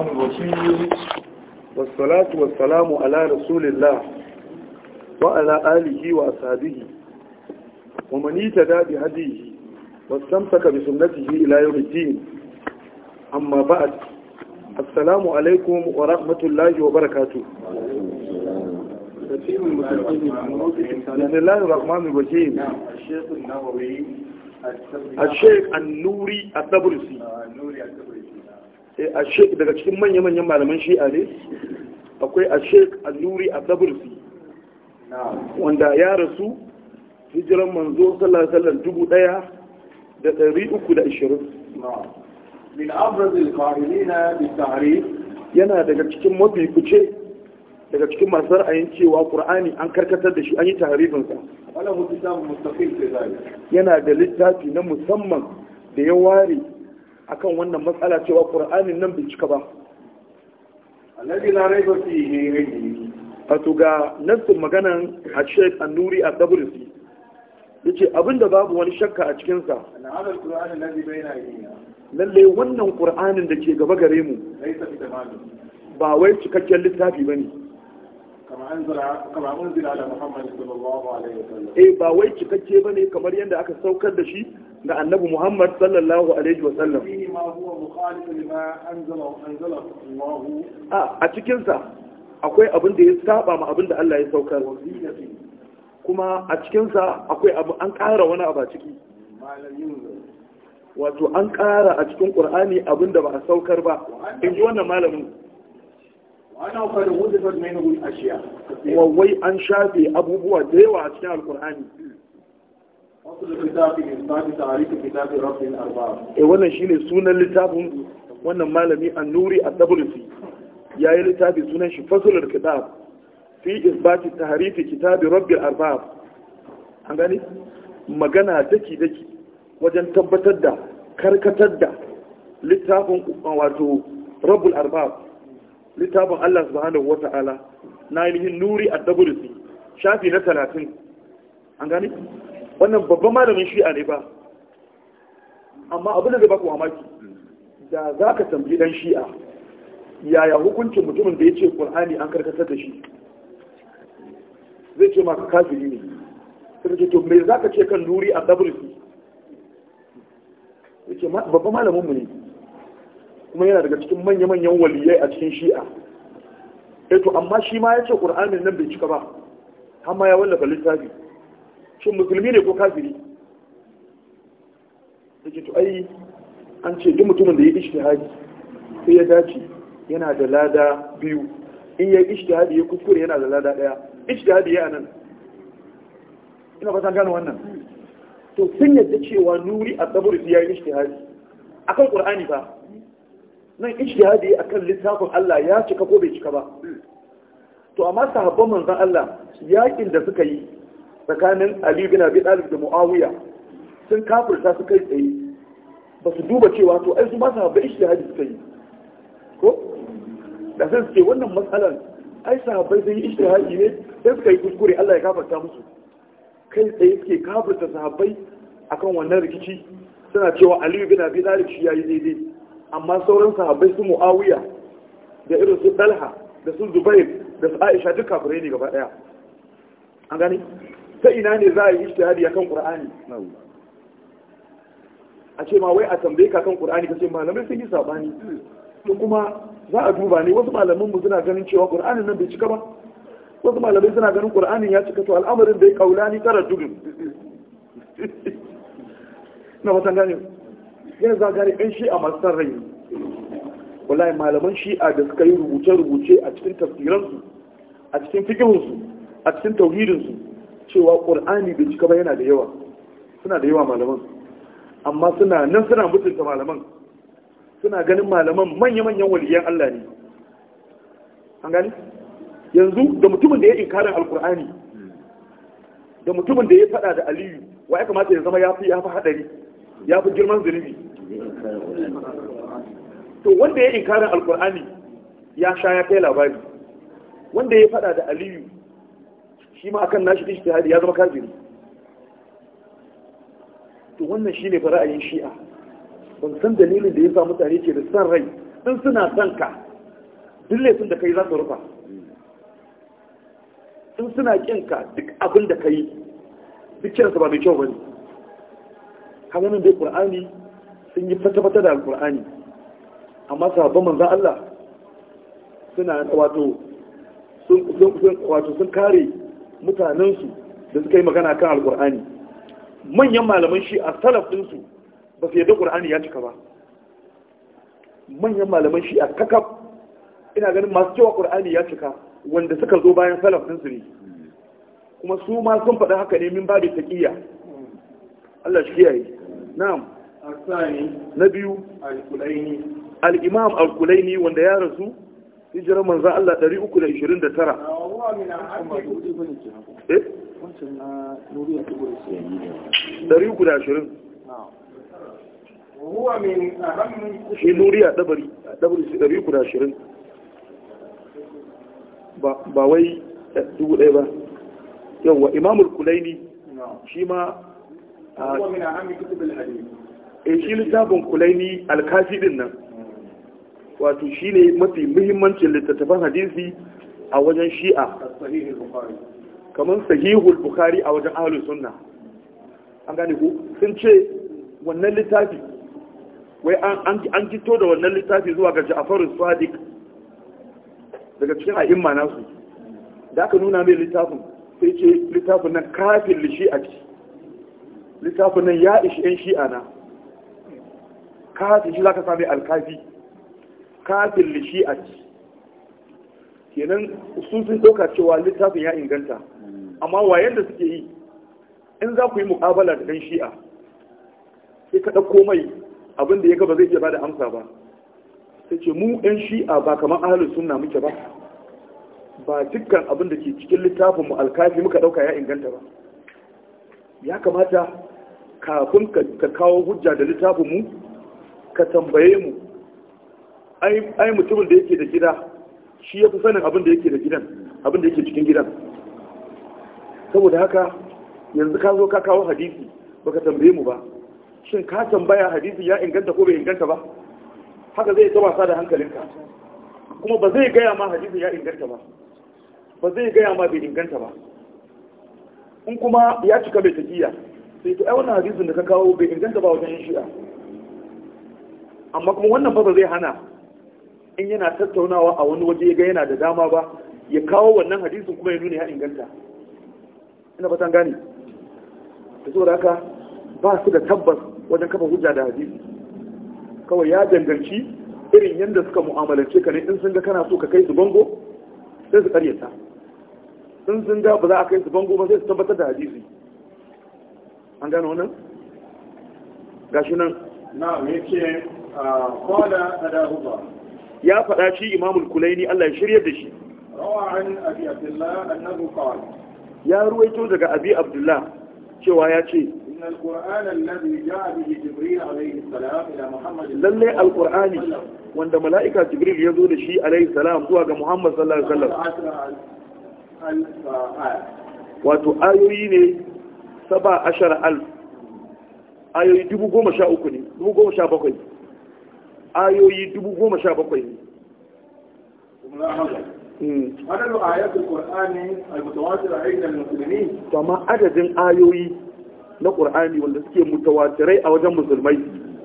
الرحمن الرحيم والصلاة والسلام على رسول الله وعلى آله وأصحابه ومن يتدى بهديه واستمسك بسنته إلى يوم الدين أما بعد السلام عليكم ورحمة الله وبركاته بسم الله الرحمن الرحيم الشيخ النووي الشيخ النوري الدبرسي النوري الدبرسي Eh, a sheik daga cikin manya-manyan malaman shi'a ne akwai a sheik alluri a dabursi wanda ya rasu hijiran manzo sallasallar dubu daya da dari uku da ashirin min abrazil karinina bi tare yana daga cikin mafi kuce daga cikin masu ra'ayin cewa qur'ani an karkatar da shi an yi tahrifinsa wala mutum mustaqil yana da littafi na musamman da ya ware akan wannan matsala cewa qur'anin nan bai cika ba alladhi la raiba fihi wato ga nassin maganan a annuri a dabrisi yace abinda babu wani shakka a cikin sa lalle wannan qur'anin da ke gaba gare mu ba wai cikakken littafi bane kama eh ba wai cikakke bane kamar yadda aka saukar da shi ga annabi muhammad sallallahu alaihi wasallam sallam. a cikinsa cikin sa akwai abin da ya saba ma abin da Allah ya saukar kuma a cikin sa akwai abu an ƙara wani abu a ciki wato an ƙara a cikin Qur'ani abin da ba a saukar ba in ji wannan malamin wawai an shafe abubuwa da yawa a cikin alkur'ani e wannan shine sunan littafin wannan malami annuri a tablisi ya yi littafi sunan shi fasulul kitab fi isbati tahrifi kitabin rabbil arbab an gani magana daki daki wajen tabbatar da karkatar da littafin wato rabbul arbab littafin Allah subhanahu Ta'ala na ainihin nuri a daburisi shafi na talatin an gani wannan babban malamin shi'a ne ba amma abin da zai baku maki. da za ka tambayi dan shi'a yaya hukuncin mutumin da ya ce ƙul'ani an karkatar da shi zai ce maka kafiri ne suka ce to me za ka ce kan nuri a daburisi ya ce babban mu ne kuma yana daga cikin manya-manyan waliyai a cikin shi'a eto eh amma shi ma ya ce ƙur'anin nan bai cika ba amma ya wallafa littafi shin musulmi ne ko kafiri yake to ai an ce duk mutumin da ya ishtihadi sai ya dace yana da lada biyu in ya ishtihadi ya kuskure yana da lada daya ishtihadi ya nan ina fata gano wannan to sun yadda cewa nuri a tsaburi ya yi a akan ƙur'ani ba nan ijtihadi akan littafin Allah ya cika ko bai cika ba to amma sahabban manzon Allah yakin da suka yi tsakanin Ali bin Abi Talib da Muawiya sun kafirta su kai tsaye ba su duba cewa to ai su ma sahabban ijtihadi suka yi ko da sai suke wannan matsalar ai sahabbai sun yi ijtihadi ne sai suka yi kuskure Allah ya kafarta musu kai tsaye suke kafirta sahabbai akan wannan rikici suna cewa Ali bin Abi Talib shi yayi daidai amma sauran sahabbai su mu'awiya da irin su dalha da su zubair da su aisha duk kafirai ne gaba daya an gani ta ina ne za a yi ishtihadi akan qur'ani a ce ma wai a tambaye ka kan qur'ani kace malamai sun yi sabani to kuma za a duba ne wasu malaman mu suna ganin cewa qur'ani nan bai cika ba wasu malamai suna ganin qur'ani ya cika to al'amarin da ya kaulani tara dubin na wata ganin zai zagari ɗan shi'a masu san rai wallahi malaman shi'a da suka yi rubuce-rubuce a cikin tafsiransu a cikin fikihunsu a cikin tauhidinsu cewa ƙur'ani bai cika ba yana da yawa suna da yawa malaman amma suna nan suna mutunta malaman suna ganin malaman manya-manyan waliyan Allah ne an gani yanzu da mutumin da ya inkarin alƙul'ani da mutumin da ya faɗa da aliyu wa ya kamata ya zama ya fi haɗari ya fi girman zunubi to wanda ya inkarin alkur'ani ya sha ya kai labari wanda ya fada da aliyu shi ma akan nashi ijtihadi ya zama kafiri to wannan shi ne fara'ayin shi'a ban san dalilin da ya sa mutane ke da san rai in suna son ka duk laifin da kai za su rufa in suna kin ka duk abin da kai duk kiransa ba mai kyau ba ne. Kamar nan dai qur'ani sun yi fata-fata da alkur'ani amma sahabban manzan Allah suna wato sun kare mutanensu da suka yi magana kan alkur'ani manyan malaman shi a salaf ɗinsu ba su yadda alkur'ani ya cika ba manyan malaman shi a kakaf ina ganin masu cewa alkur'ani ya cika wanda suka zo bayan salaf ɗinsu ne kuma su ma sun faɗa haka ne min da taƙiyya Allah shi kiyaye na'am na biyu al'imam imam al-kulaini wanda ya rasu hijirar manzan Allah 329 eh 320 shi nuriya dabari 320 ba wai 1000 ba yawwa imamul kulaini shi ma in eh, shi littafin kulaini alkafi din nan wato shi ne mafi muhimmancin littattafan hadisi a wajen shi'a kamar sahihul bukhari a wajen ahlus sunna an gane ku sun ce wannan littafi wai an kito da wannan littafi zuwa ga ja'afarun sadiq daga cikin a'imma nasu da aka nuna mai littafin sai ce littafin nan kafin a shi'a littafin nan ya ishi yan shi'a na kafin shi za ka sami alkafi kafin ci kenan sun sun ɗauka cewa littafin ya inganta amma wayan da suke yi in za ku yi mukabala da ɗan shi'a sai ka ɗauko mai abin da ya gaba zai iya ba da amsa ba sai ce mu ɗan shi'a ba kamar ahalin sunna muke ba ba dukkan abin da ke cikin littafin mu alkafi muka ɗauka ya inganta ba ya kamata kafin ka kawo hujja da littafin mu ka tambaye mu ai mutumin da yake da gida shi ya fi sanin abin da yake da gidan abin da yake cikin gidan saboda haka yanzu ka zo ka kawo hadisi baka tambaye mu ba shin ka tambaya hadisi ya inganta ko bai inganta ba haka zai ta wasa da hankalinka kuma ba zai gaya ma hadisi ya inganta ba ba zai gaya ma bai inganta ba in kuma ya cika mai tafiya sai ta yi wannan hadisin da ka kawo bai inganta ba wajen shi'a amma kuma wannan ba zai hana in yana tattaunawa a wani waje ga yana da dama ba ya kawo wannan hadisin kuma ya nuna ya inganta ina ba gane da saboda haka ba su da tabbas wajen kafa hujja da hadisi kawai ya danganci irin yadda suka mu'amalance ka ne in sun ga kana so ka kai su bango sai su karyata in sun ga ba za a kai su bango ba sai su tabbatar da hadisi an gane wannan gashi nan na me ce ya faɗa shi imamul kulaini Allah ya shirya da shi ya ruwaito daga abi abdullah cewa ya ce lallai alkur'ani wanda mala'ika jibril ya zo da shi alaihi salam zuwa ga muhammad sallallahu alaihi wasallam wato ayoyi ne saba ashara alf ayoyi dubu goma sha uku ne dubu goma sha bakwai ayoyi dubu goma sha bakwai ne hmm. adadin ayatul qur'ani al-mutawatir ayna al-muslimin to adadin ayoyi na qur'ani wanda suke mutawatirai a wajen musulmai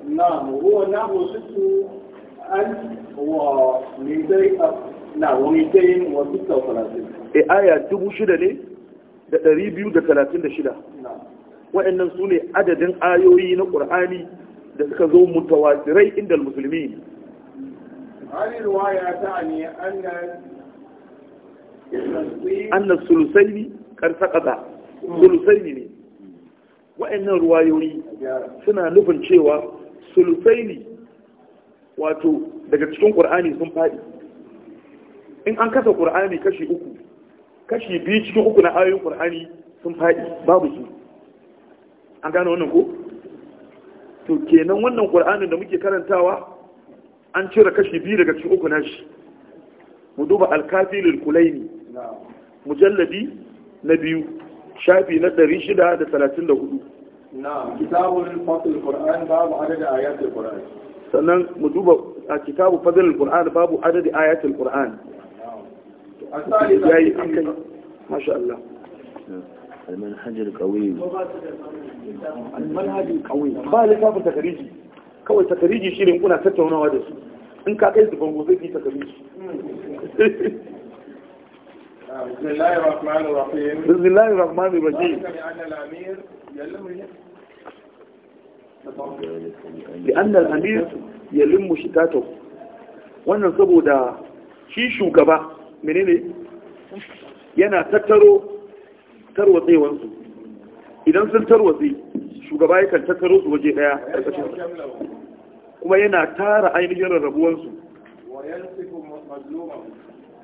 na'am huwa na'u sittu an wa min dai na wa min dai wa sittu e aya dubu shida ne da ɗari biyu da talatin da shida wa'annan su ne adadin ayoyi na qur'ani da suka zo mutawatirai inda musulmi hali ruwaya ta ne annan sulusaini karsa ƙasa sulusaini ne wa'annan ruwayoyi suna nufin cewa sulusaini wato daga cikin ƙur'ani sun faɗi in an kasa ƙur'ani kashi uku kashi biyu cikin uku na ayoyin ƙur'ani sun faɗi babu su an gane wannan ko? to kenan wannan ƙur'anin da muke karantawa an cire kashi biyu daga cikin uku nashi mu duba alkafi lil kulaini mujalladi na biyu shafi na 634 na'am kitabul fadl qur'an babu adadi ayatul qur'an sannan mu duba a kitabu fadl qur'an babu adadi ayatul qur'an asali yayi akai masha Allah المنهج القوي المنهج القوي ba littafin takariji kawai takariji shi ne kuna tattaunawa da su in ka kai su bango takariji بسم الله الرحمن الرحيم بسم الله الرحمن الرحيم لأن الأمير يلم شتاته wannan saboda shi shugaba menene yana tattaro tarwatsewansu idan sun tarwatse shugaba yakan tattaro su waje daya ƙarƙashin kuma yana tara ainihin rarrabuwansu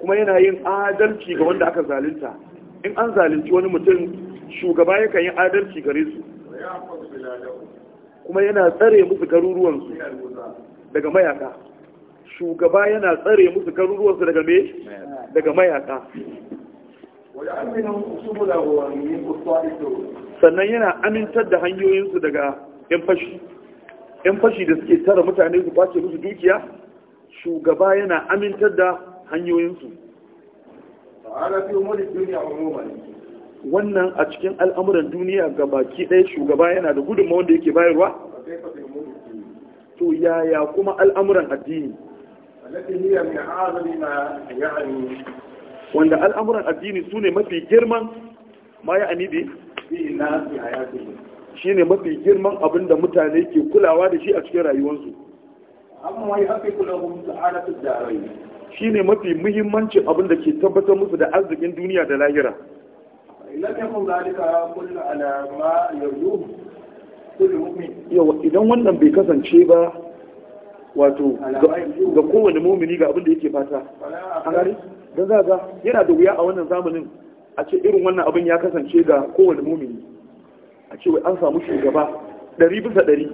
kuma yana yin adalci ga wanda aka zalunta in an zalinci wani mutum shugaba yakan yi adalci gare su kuma yana tsare musu garuruwansu daga mayaka shugaba yana tsare musu garuruwansu daga mayaka sannan yana amintar da hanyoyinsu daga 'yan fashi 'yan fashi da suke tara mutane su kwace musu dukiya shugaba yana amintar da hanyoyinsu wannan a cikin al'amuran duniya ga baki ɗaya shugaba yana da gudunma wanda yake bayarwa to yaya kuma al'amuran addini wanda al'amuran addini su ne mafi girman ma ya ani bi shi ne mafi girman abin da mutane ke kulawa da shi a cikin rayuwarsu shi ne mafi muhimmancin abin da ke tabbatar musu da arzikin duniya da lahira idan wannan bai kasance ba wato ga kowane mumini ga abin da yake fata don za ga yana da wuya a wannan zamanin a ce irin wannan abin ya kasance ga kowane mumini a ce wai an samu shugaba ɗari bisa ɗari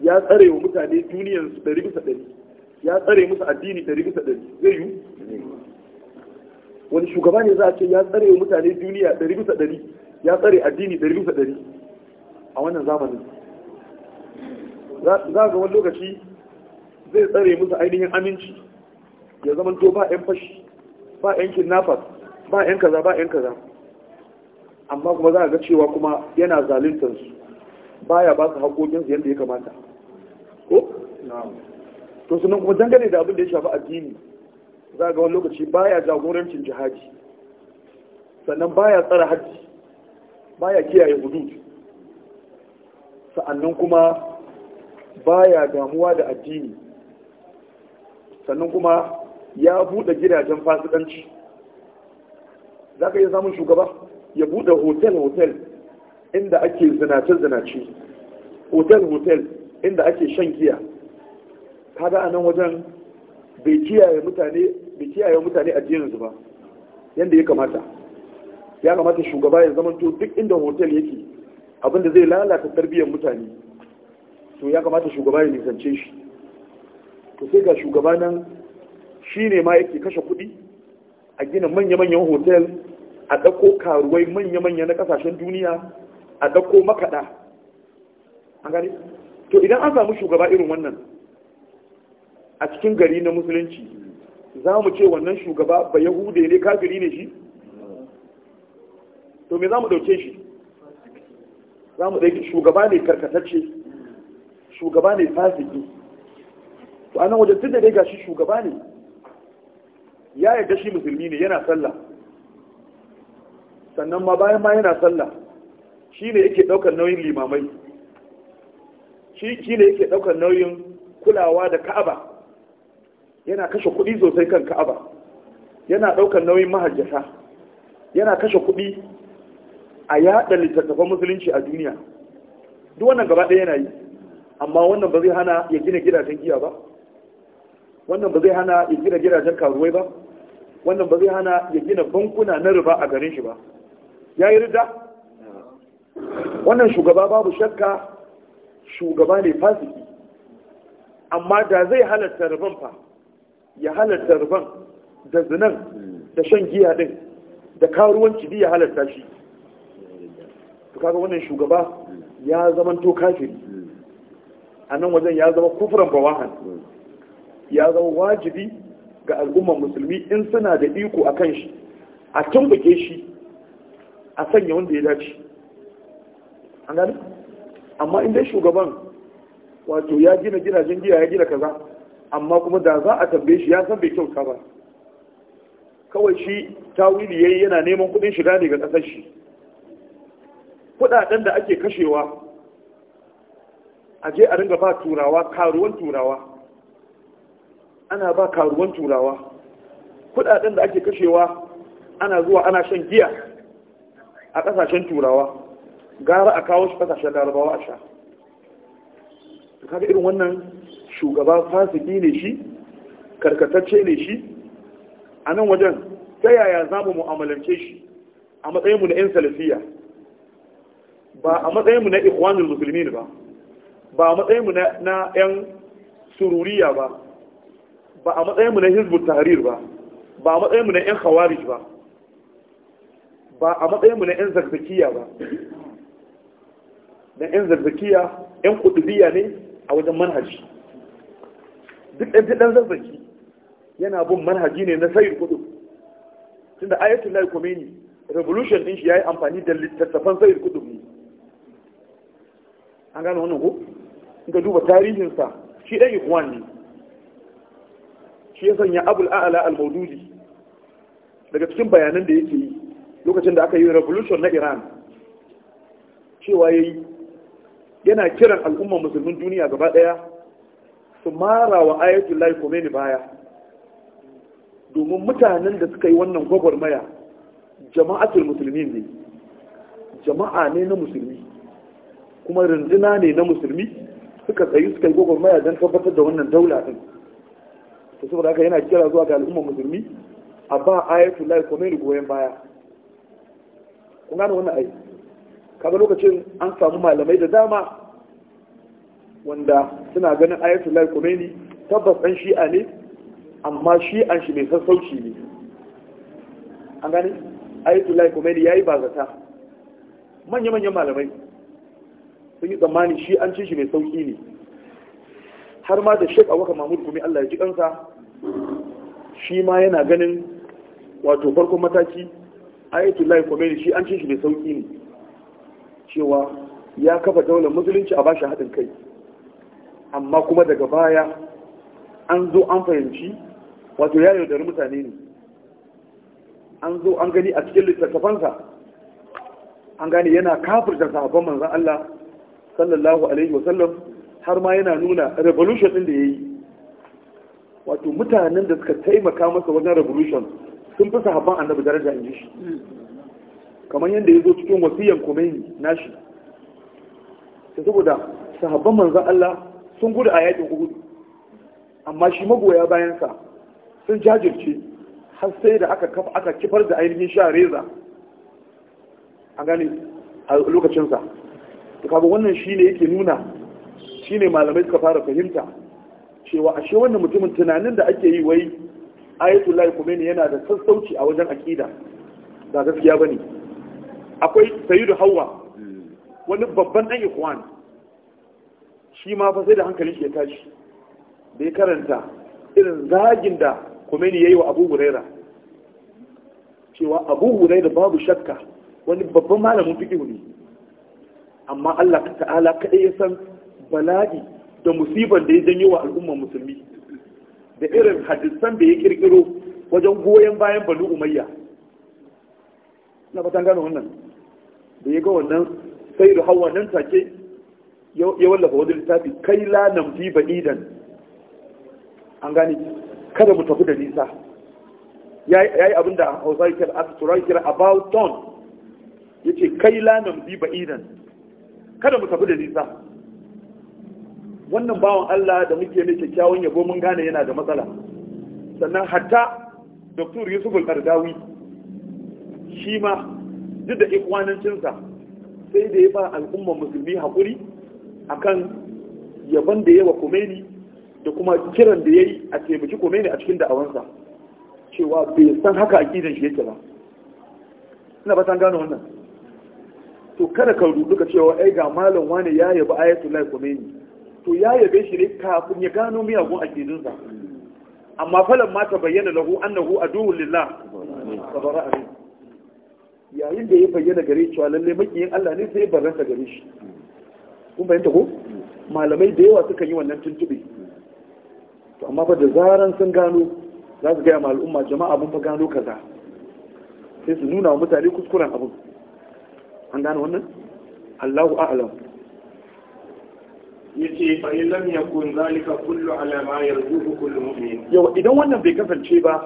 ya tsare wa mutane su ɗari bisa ɗari ya tsare musu addini ɗari bisa ɗari zai yi wani shugaba ne za a ce ya tsare wa mutane duniya ɗari bisa ɗari ya tsare addini ɗari bisa ɗari a wannan zamanin za ga wani lokaci zai tsare musu ainihin aminci ya zama to ba 'yan fashi ba yan kidnappers ba yan kaza ba yan kaza amma kuma za a ga cewa kuma yana zaluntar su ya ba su haƙoƙinsu yadda ya kamata ko to sannan kuma dangane da abin da ya shafi addini za a ga wani lokaci ba ya jagorancin jihadi sannan ba ya tsara hajji ya kiyaye hudud sa'annan kuma ba ya damuwa da addini sannan kuma ya buɗe gidajen fasikanci za ka iya samun shugaba ya buɗe hotel-hotel inda ake zinace-zinace hotel-hotel inda ake shan giya kaga a nan wajen bai kiyaye mutane bai kiyaye mutane ba yadda ya kamata ya kamata shugaba ya zamanto duk inda hotel yake abinda zai lalata tarbiyyar mutane to ya kamata shugaba ya nisance shi to sai ga shugaba nan shi ne ma yake kashe kuɗi a gina manya-manyan hotel a ɗauko karuwai manya-manya na ƙasashen duniya a ɗauko makaɗa an gani to idan an samu shugaba irin wannan a cikin gari na musulunci za mu ce wannan shugaba ba yahude ne kafiri ne shi to me za mu ɗauke shi za mu ɗauke shugaba ne karkatacce shugaba ne fasiki to anan wajen tun da dai gashi shugaba ne ya yadda shi musulmi ne yana sallah sannan ma bayan ma yana sallah shi ne yake ɗaukar nauyin limamai shi ne yake ɗaukar nauyin kulawa da ka'aba yana kashe kuɗi sosai kan ka'aba yana ɗaukar nauyin mahajjata yana kashe kuɗi a yaɗa littattafan musulunci a duniya duk wannan gaba ɗaya yana yi amma wannan ba zai hana ya gina gidajen giya ba wannan ba zai hana ya gina gidajen karuwai ba wannan ba zai hana ya gina bankuna na riba a garin shi ba ya yi rida wannan shugaba babu shakka shugaba ne fasiki amma da zai halatta riban fa ya halatta riban da zinan da shan giya din da karuwanci ya halatta shi to kaga wannan shugaba ya zama to kafiri a nan wajen ya zama kufuran bawahan ya zama wajibi ga al'ummar musulmi in suna da iko a kan shi a tumbuke shi a sanya wanda ya dace amma in dai shugaban wato ya gina gidajen giya ya gina kaza amma kuma da za a tambaye shi ya san bai kyauta ba kawai shi tawili yayi yana neman kudin shiga ne ga kasar shi kudaden da ake kashewa a je a ringa ba turawa karuwan turawa ana ba karuwan turawa kudaden da ake kashewa ana zuwa ana shan giya a kasashen turawa gara a kawo shi kasashen larabawa a sha kaga irin wannan shugaba fasiki ne shi karkatacce ne shi a nan wajen ta yaya za mu mu'amalance shi a matsayinmu na 'yan salafiya ba a matsayinmu na ikhwanul musulmin ba ba a matsayinmu na 'yan sururiya ba ba a matsayinmu na hizbut tahrir ba ba a matsayinmu na yan khawarij ba ba a matsayinmu na yan zakzakiya ba na yan zakzakiya yan kudubiya ne a wajen manhaji duk ɗan ɗan zakzaki yana bin manhaji ne na sayar kudu tunda ayatul lahi komeni revolution din shi yayi amfani da littattafan sayar kudu ne an gano wannan ko in ka duba tarihinsa shi ɗan ikwan ne shi ya sanya abul a'ala al-maududi daga cikin bayanan da yake yi lokacin da aka yi revolution na iran cewa yayi yana kiran al'ummar musulmin duniya gaba daya su mara wa ayatul lahi komeni baya domin mutanen da suka yi wannan gwagwarmaya jama'atul musulmi ne jama'a ne na musulmi kuma rinjina ne na musulmi suka tsayi suka yi gwagwarmaya don tabbatar da wannan daula din to saboda haka yana kira zuwa ga al'ummar musulmi a ba ayatul lahi komai goyon baya kun gano wannan ai kaga lokacin an samu malamai da dama wanda suna ganin ayatul lahi komai tabbas dan shi'a ne amma shi'an shi mai sassauci ne an gane ayatul lahi komai yayi bazata manya-manyan malamai sun yi tsammani shi an ci shi mai sauki ne har ma da shek abubakar mahmud kuma allah ya ji kansa shi ma yana ganin wato farkon mataki ayatul lahi komeni shi an ce shi da sauki ne cewa ya kafa daular musulunci a bashi haɗin kai amma kuma daga baya an zo an fahimci wato ya yaudari mutane ne an zo an gani a cikin littattafansa an gani yana kafir da sahabban manzan Allah sallallahu alaihi wasallam har ma yana nuna revolution din da ya yi wato mutanen da suka taimaka masa wajen revolution sun fi sahabban annabi daraja in ji shi kamar yadda ya zo cikin wasiyan komeni nashi ta saboda sahabban manzan Allah sun gudu a yakin gudu amma shi magoya bayansa sun jajirce har sai da aka kafa aka kifar da ainihin sha reza a gani a lokacinsa ta kaba wannan shi ne yake nuna shi ne malamai suka fara fahimta cewa ashe wannan mutumin tunanin da ake yi wai ayatullahi kumeni yana da sassauci a wajen akida ba gaskiya bane akwai sayyidu hawa wani babban dan ikwan shi ma fa sai da hankalin shi ya tashi da ya karanta irin zagin da kumeni yayi wa abu huraira cewa abu huraira babu shakka wani babban malamin fiqh ne amma Allah ta'ala kadai ya san bala'i da musibar da ya janyo wa al'ummar musulmi da irin hadisan da ya kirkiro wajen goyon bayan banu umayya na fatan gano wannan da ya ga wannan sai da hawa nan take ya wallafa wani littafi kai la namfi ba'idan an gane kada mu tafi da nisa ya yi abin da hausa yake a kira about town ya ce kai la namfi ba'idan kada mu tafi da nisa wannan bawan Allah da muke mai kyakkyawan yabo mun gane yana da matsala sannan hatta Dr. Yusuf al ardawi shi ma duk da ikwanancinsa sai da ya ba al'ummar musulmi haƙuri akan yaban da yawa Khomeini da kuma kiran da ya yi a taimaki Khomeini a cikin da'awansa cewa bai san haka a aqidan shi yake ba ina ba san gano wannan to kada ka rubuta cewa ai ga malam wani ya yabi lahi Khomeini to ya yabe shi ne kafin ya gano miyagun akidunsa amma falan ma ta bayyana lahu annahu aduwwul lillah sabara amin yayin da ya bayyana gare cewa lalle makiyin Allah ne sai barasa gare shi kun bayyanta ko malamai da yawa suka yi wannan tuntube to amma fa da zaran sun gano za su gaya ma al'umma jama'a mun fa gano kaza sai su nuna wa mutane kuskuren abin an gano wannan Allahu a'lam yace fa in lam yakun zalika kullu ala ma yarzuqu kullu mu'min yau idan wannan bai kasance ba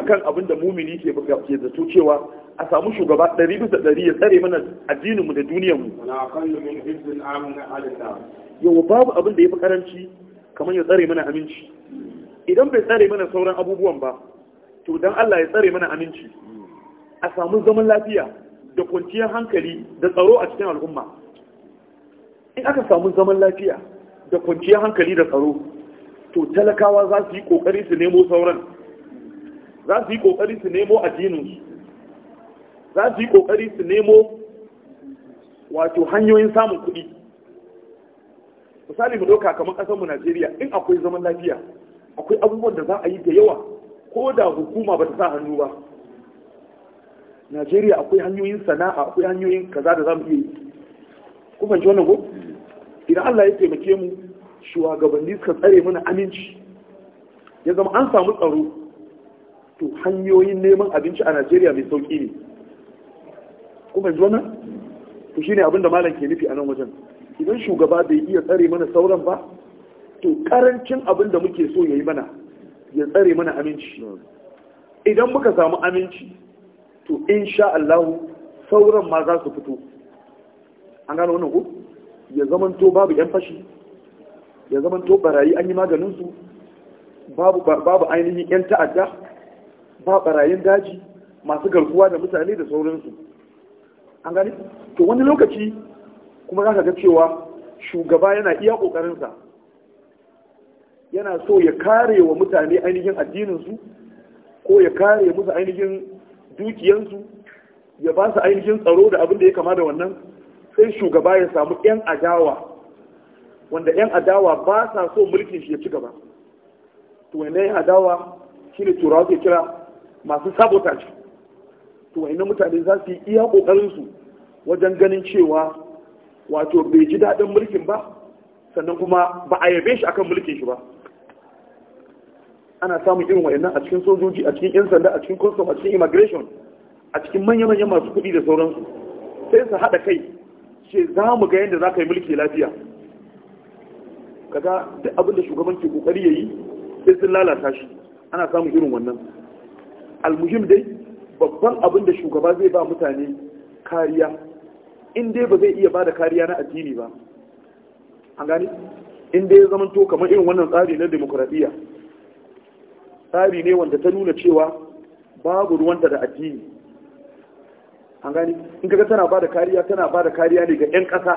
akan abin da mumini ke ke zato cewa a samu shugaba 100% bisa ya tsare mana addininmu da duniyarmu. Yau babu abin da ya fi karanci kamar ya tsare mana aminci. Idan bai tsare mana sauran abubuwan ba, to don Allah ya tsare mana aminci. A samu zaman lafiya da kwanciyar hankali da tsaro a cikin al'umma. in aka samu zaman lafiya da kwanciyar hankali da tsaro to talakawa za su yi kokari su nemo sauran za su yi kokari su nemo addininsu za su yi kokari su nemo wato hanyoyin samun kuɗi misali mu doka kamar kasar mu najeriya in akwai zaman lafiya akwai abubuwan da za a yi da yawa ko da hukuma ba ta sa hannu ba najeriya akwai hanyoyin sana'a akwai hanyoyin kaza da za mu iya yi ku fahimci wannan ko idan Allah ya taimake mu shugabanni suka tsare mana aminci ya zama an samu tsaro to hanyoyin neman abinci a Najeriya mai sauki ne ku fahimci wannan to shine abin da malam ke nufi a nan wajen idan shugaba bai iya tsare mana sauran ba to karancin abin da muke so yayi mana ya tsare mana aminci idan muka samu aminci to insha Allah sauran ma za su fito an gano wannan ko? ya to babu yan fashi ya to barayi an yi maganin su babu ainihin yan ta'adda ba barayin daji masu garkuwa da mutane da sauransu an gani to wani lokaci kuma za ka ga cewa shugaba yana iya ƙoƙarinsa yana so ya kare wa mutane ainihin addininsu ko ya kare musu ainihin dukiyansu ya ba su ainihin tsaro da abin da ya kama da wannan sai shugaba ya samu 'yan adawa wanda 'yan adawa ba sa so mulkin shi ya ci gaba to wanda 'yan adawa shi ne turawa ke kira masu sabotage to wanda mutane za su yi iya ƙoƙarinsu wajen ganin cewa wato bai ji daɗin mulkin ba sannan kuma ba a yabe shi akan mulkin shi ba ana samun irin wayannan a cikin sojoji a cikin 'yan sanda a cikin custom a cikin immigration a cikin manya-manyan masu kuɗi da sauransu sai su haɗa kai ce za mu ga yadda za ka yi mulki lafiya kaga duk abin da shugaban ke kokari yi, sai sun lalata shi ana samun irin wannan almuhim dai babban abin da shugaba zai ba mutane kariya in dai ba zai iya ba da kariya na addini ba an gani in dai ya zamanto kamar irin wannan tsari na demokuraɗiyya tsari ne wanda ta nuna cewa babu ruwanta da addini an gani in kaga tana bada kariya tana bada kariya ne ga 'yan ƙasa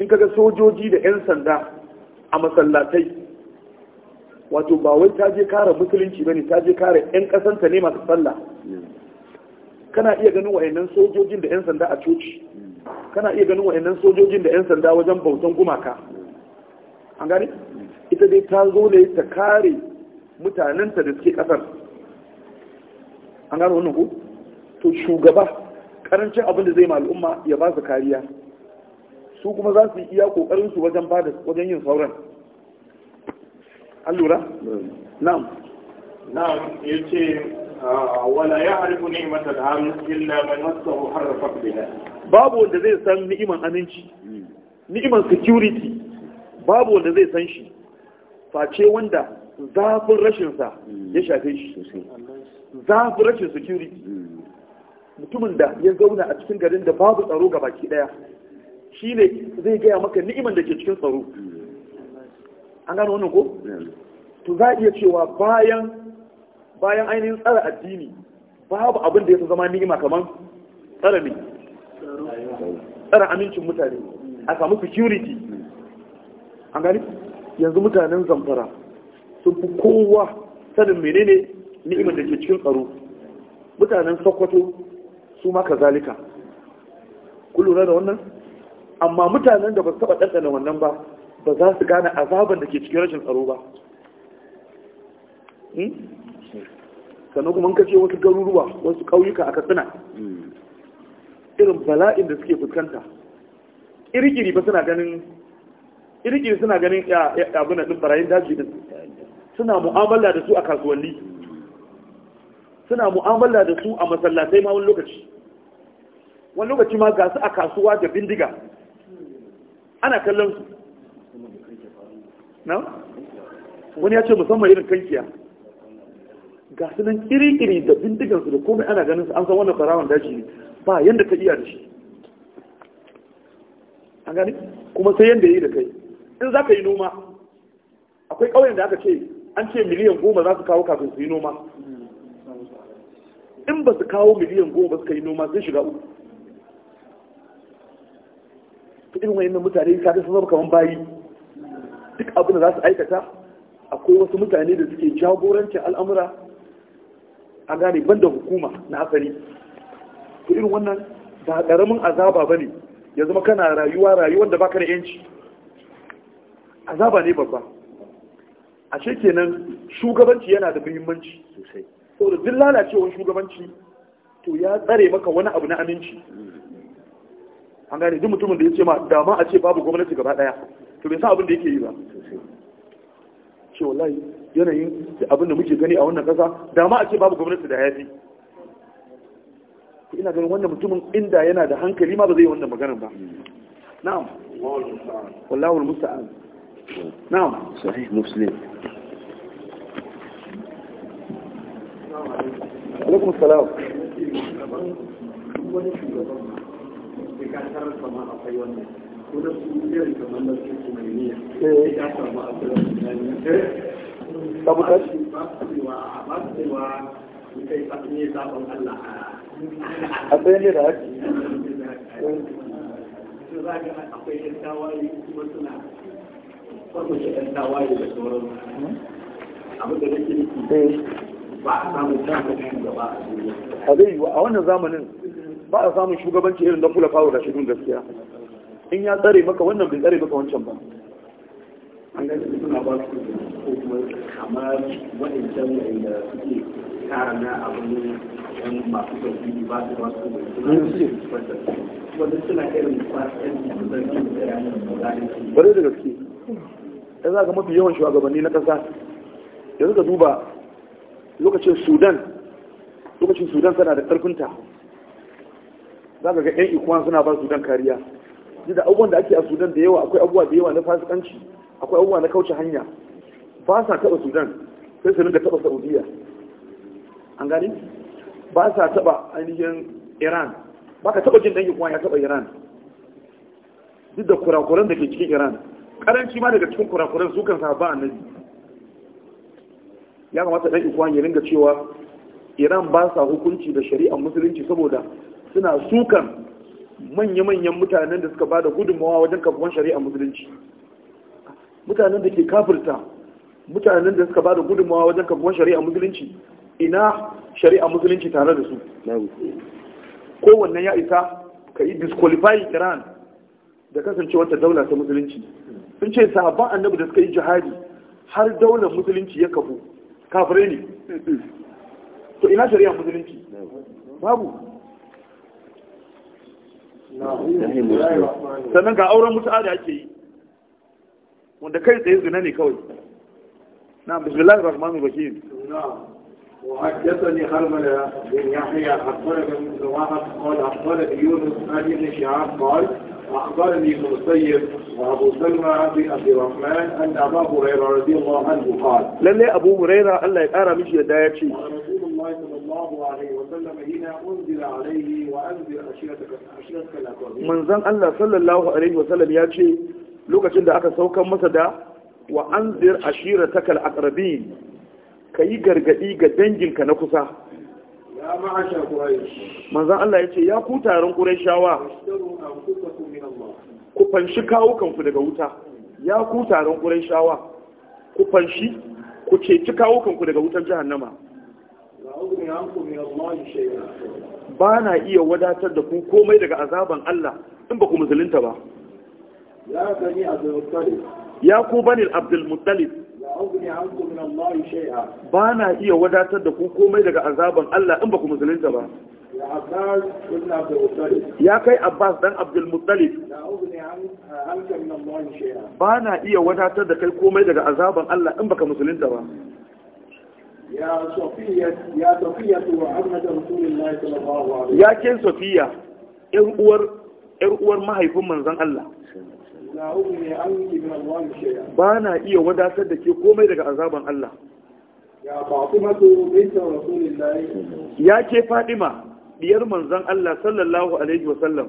in kaga sojoji da 'yan sanda a masallatai wato ba wai ta je kare musulunci bane ta je kare 'yan ƙasanta ne masu sallah kana iya ganin wa'annan sojojin da 'yan sanda a coci kana iya ganin wa'annan sojojin da 'yan sanda wajen bautan gumaka an gani ita dai ta zo ne ta kare mutanenta da suke ƙasar an gano wannan ku to shugaba karancin abin da zai ma ya ba su kariya su kuma za su yi iya kokarin su wajen ba da wajen yin sauran an lura na'am ya ce ah, wala ya'rifu ni'matal hannu illa man wasahu harrafa biha babu wanda zai san ni'iman aminci ni'iman security babu wanda zai san shi face wanda zafin rashinsa ya shafe shi zafin rashin security mutumin da ya zauna a cikin garin da babu tsaro ga baki daya shi ne zai gaya maka ni'iman da ke cikin tsaro an gano wannan ko to za iya cewa bayan ainihin tsara addini babu abin da ya zama ni'ima kamar tsara ne tsara amincin mutane a samu security an gani yanzu mutanen zamfara sun fi kowa sanin menene ni'imar da ke cikin tsaro mutanen sokoto su maka zalika. ku lura da wannan amma mutanen da ba su taɓa ɗanɗana wannan ba ba za su gane azaban da ke cikin rashin tsaro ba hmm? sannan kuma ka ce wasu garuruwa wasu ƙauyuka a katsina irin bala'in da suke fuskanta irigiri ba suna ganin irigiri suna ganin abin da barayin daji din suna mu'amala da su a kasuwanni suna mu'amala da su a masallatai ma wani lokaci wani lokaci ma ga su a kasuwa da bindiga ana kallon su na wani ya ce musamman irin kankiya ga su nan kiri-kiri da bindigansu da komai ana ganin su an san wannan farawan daji ne ba yadda ka iya da shi an gani kuma sai yadda yi da kai in za ka yi noma akwai ƙauyen da aka ce an ce miliyan goma za su kawo kafin su yi noma in ba su kawo miliyan goma ba suka yi noma sun shiga uku ta irin wayannan mutane ka ga zama kaman bayi duk abin da za su aikata akwai wasu mutane da suke jagorancin al'amura a gane banda hukuma na asali ta irin wannan ba ƙaramin azaba ba ne ya zama kana rayuwa rayuwar da baka da yanci azaba ne babba a kenan shugabanci yana da muhimmanci sosai saboda duk lalacewar shugabanci to ya tsare maka wani abu na aminci an gane duk mutumin da ya ce ma dama a ce babu gwamnati gaba daya to bai san abin da yake yi ba ce wallahi yanayin abin da muke gani a wannan kasa dama a ce babu gwamnati da yafi ina ganin wannan mutumin inda yana da hankali ma ba zai yi wannan maganar ba na'am wallahul musta'an na'am sahih muslim alaikum salam eh. ne da haki eh. ba a samu shugaba a wannan zamanin ba a samun shugabanci irin don kula fawo da shirin gaskiya in ya tsare maka wannan bai tsare maka wancan ba an gani suna ba su ko kuma kamar waɗancan da suke kara na abin yan masu sauki ba su ba su wanda suna irin kwasan da zargin da ya yi da gaske Yanzu za ka mafi yawan shugabanni na ƙasa yanzu ka duba lokacin sudan lokacin sudan tana da ƙarfinta za ka ga 'yan ikuwan suna ba sudan kariya da abubuwan da ake a sudan da yawa akwai abubuwa da yawa na fasikanci akwai abubuwa na kauce hanya ba sa taɓa sudan sai su rinka taɓa saudiya an gani ba sa taɓa ainihin iran ba ka taɓa jin dan ikuwan ya taɓa iran duk da kurakuran da ke cikin iran karanci ma daga cikin kurakuran su kan sa ba annabi ya kamata ɗan ikuwan ya ringa cewa iran ba sa hukunci da shari'ar musulunci saboda suna sukan manya-manyan mutanen da suka ba da gudunmawa wajen kafuwan shari'ar musulunci mutanen da ke kafirta mutanen da suka ba da gudunmawa wajen kafuwan shari'ar musulunci ina shari'ar musulunci tare da su kowanne ya isa ka yi disqualify iran da kasance wata daula ta musulunci sun ce sahabban annabi da suka yi jihadi har daular musulunci ya kafu kafirai ne to ina shari'a musulunci babu sannan ga auren mutu'a da ake yi wanda kai tsaye zina ne kawai na bismillah rahman rahim وحدثني حرملة بن يحيى أخبرني بن زواحف قال أخبرني يونس عن ابن شهاب قال أخبرني المسيب وأبو سلمى بن عبد الرحمن أن أبا هريرة رضي الله عنه قال للي أبو هريرة الله يقرأ مش يدايتي رسول الله صلى الله عليه وسلم هنا أنزل عليه وأنزل عشيرتك عشيرتك الأقربين من زن الله صلى الله عليه وسلم ياتي lokacin da aka saukan masa da wa an zir ashira takal akarabin ka yi gargaɗi ga danginka na kusa manzan Allah ya ce ya ku taron ƙuraishawa ku fanshi kawukanku daga wuta ya ku taron ƙurai shawa ku fanshi ku ceci kawukanku daga wutar jahannama ba na iya wadatar da ku komai daga azaban Allah in ba ku musulunta ba ya ku Abdul abdulmuttalib ba na iya wadatar da ku komai daga azaban Allah in ba ku musulunta ba ya kai abbas dan abdulmuttalib ba na iya wadatar da kai komai daga azaban allah in baka musulunta ba ya ke sofiya yar uwar mahaifin manzan allah ba na iya wadatar da ke komai daga azaban allah ya ke fadima diyar manzan Allah sallallahu alaihi wasallam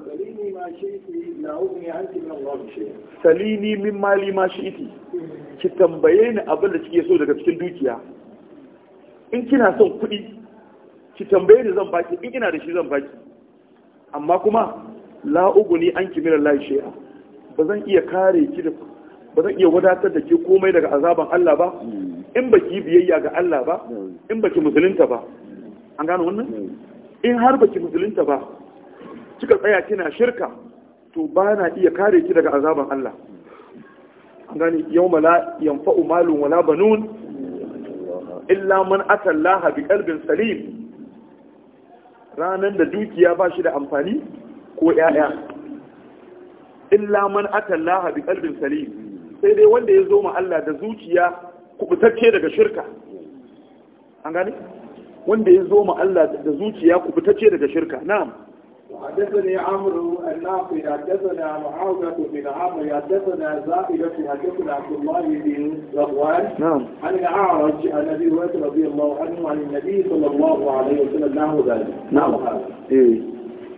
salini min mali ma shi'iti ki tambaye ni abin da kike so daga cikin dukiya in kina son kuɗi ki tambaye ni zan baki in kina da shi zan baki amma kuma la uguni an kimira la shi'a ba zan iya kare ki da ba zan iya wadatar da ke komai daga azaban Allah ba hmm. in baki biyayya ga Allah ba hmm. in baki musulunta ba an gano wannan hmm. in har ba baki musulunta ba kika tsaya kina shirka to ba na iya kare ki daga azaban Allah an gani yawma la yanfa'u malun wala banun illa man ata Allah bi qalbin salim ranan da dukiya ba shi da amfani ko yaya illa man ata Allah bi qalbin salim sai dai wanda ya zo ma Allah da zuciya kubutacce daga shirka an gani wanda ya zo ma Allah da zuciya ku fitace daga shirka na'am حدثنا عمرو الناقي حدثنا معاوية بن عمرو حدثنا زائدة حدثنا عبد الله بن رضوان نعم عن الأعرج عن أبي هريرة رضي الله عنه عن النبي صلى الله عليه وسلم نحو ذلك نعم نعم, إيه.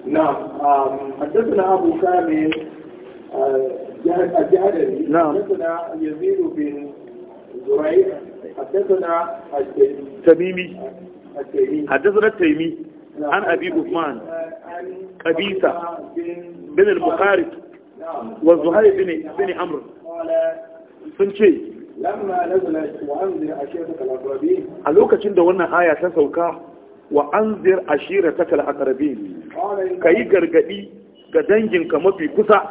نعم. حدثنا أبو كامل آه، الجهدري نعم حدثنا يزيد بن زريع حدثنا التميمي حدثنا التيمي عن أبي عثمان قبيسة بن المخارج والزهير بن بن عمرو سنشي لما نزلت وأنذر عشيرتك الأقربين a lokacin da wannan aya ta sauka wa anzir ashirataka al-aqrabin kai gargadi ga danginka mafi kusa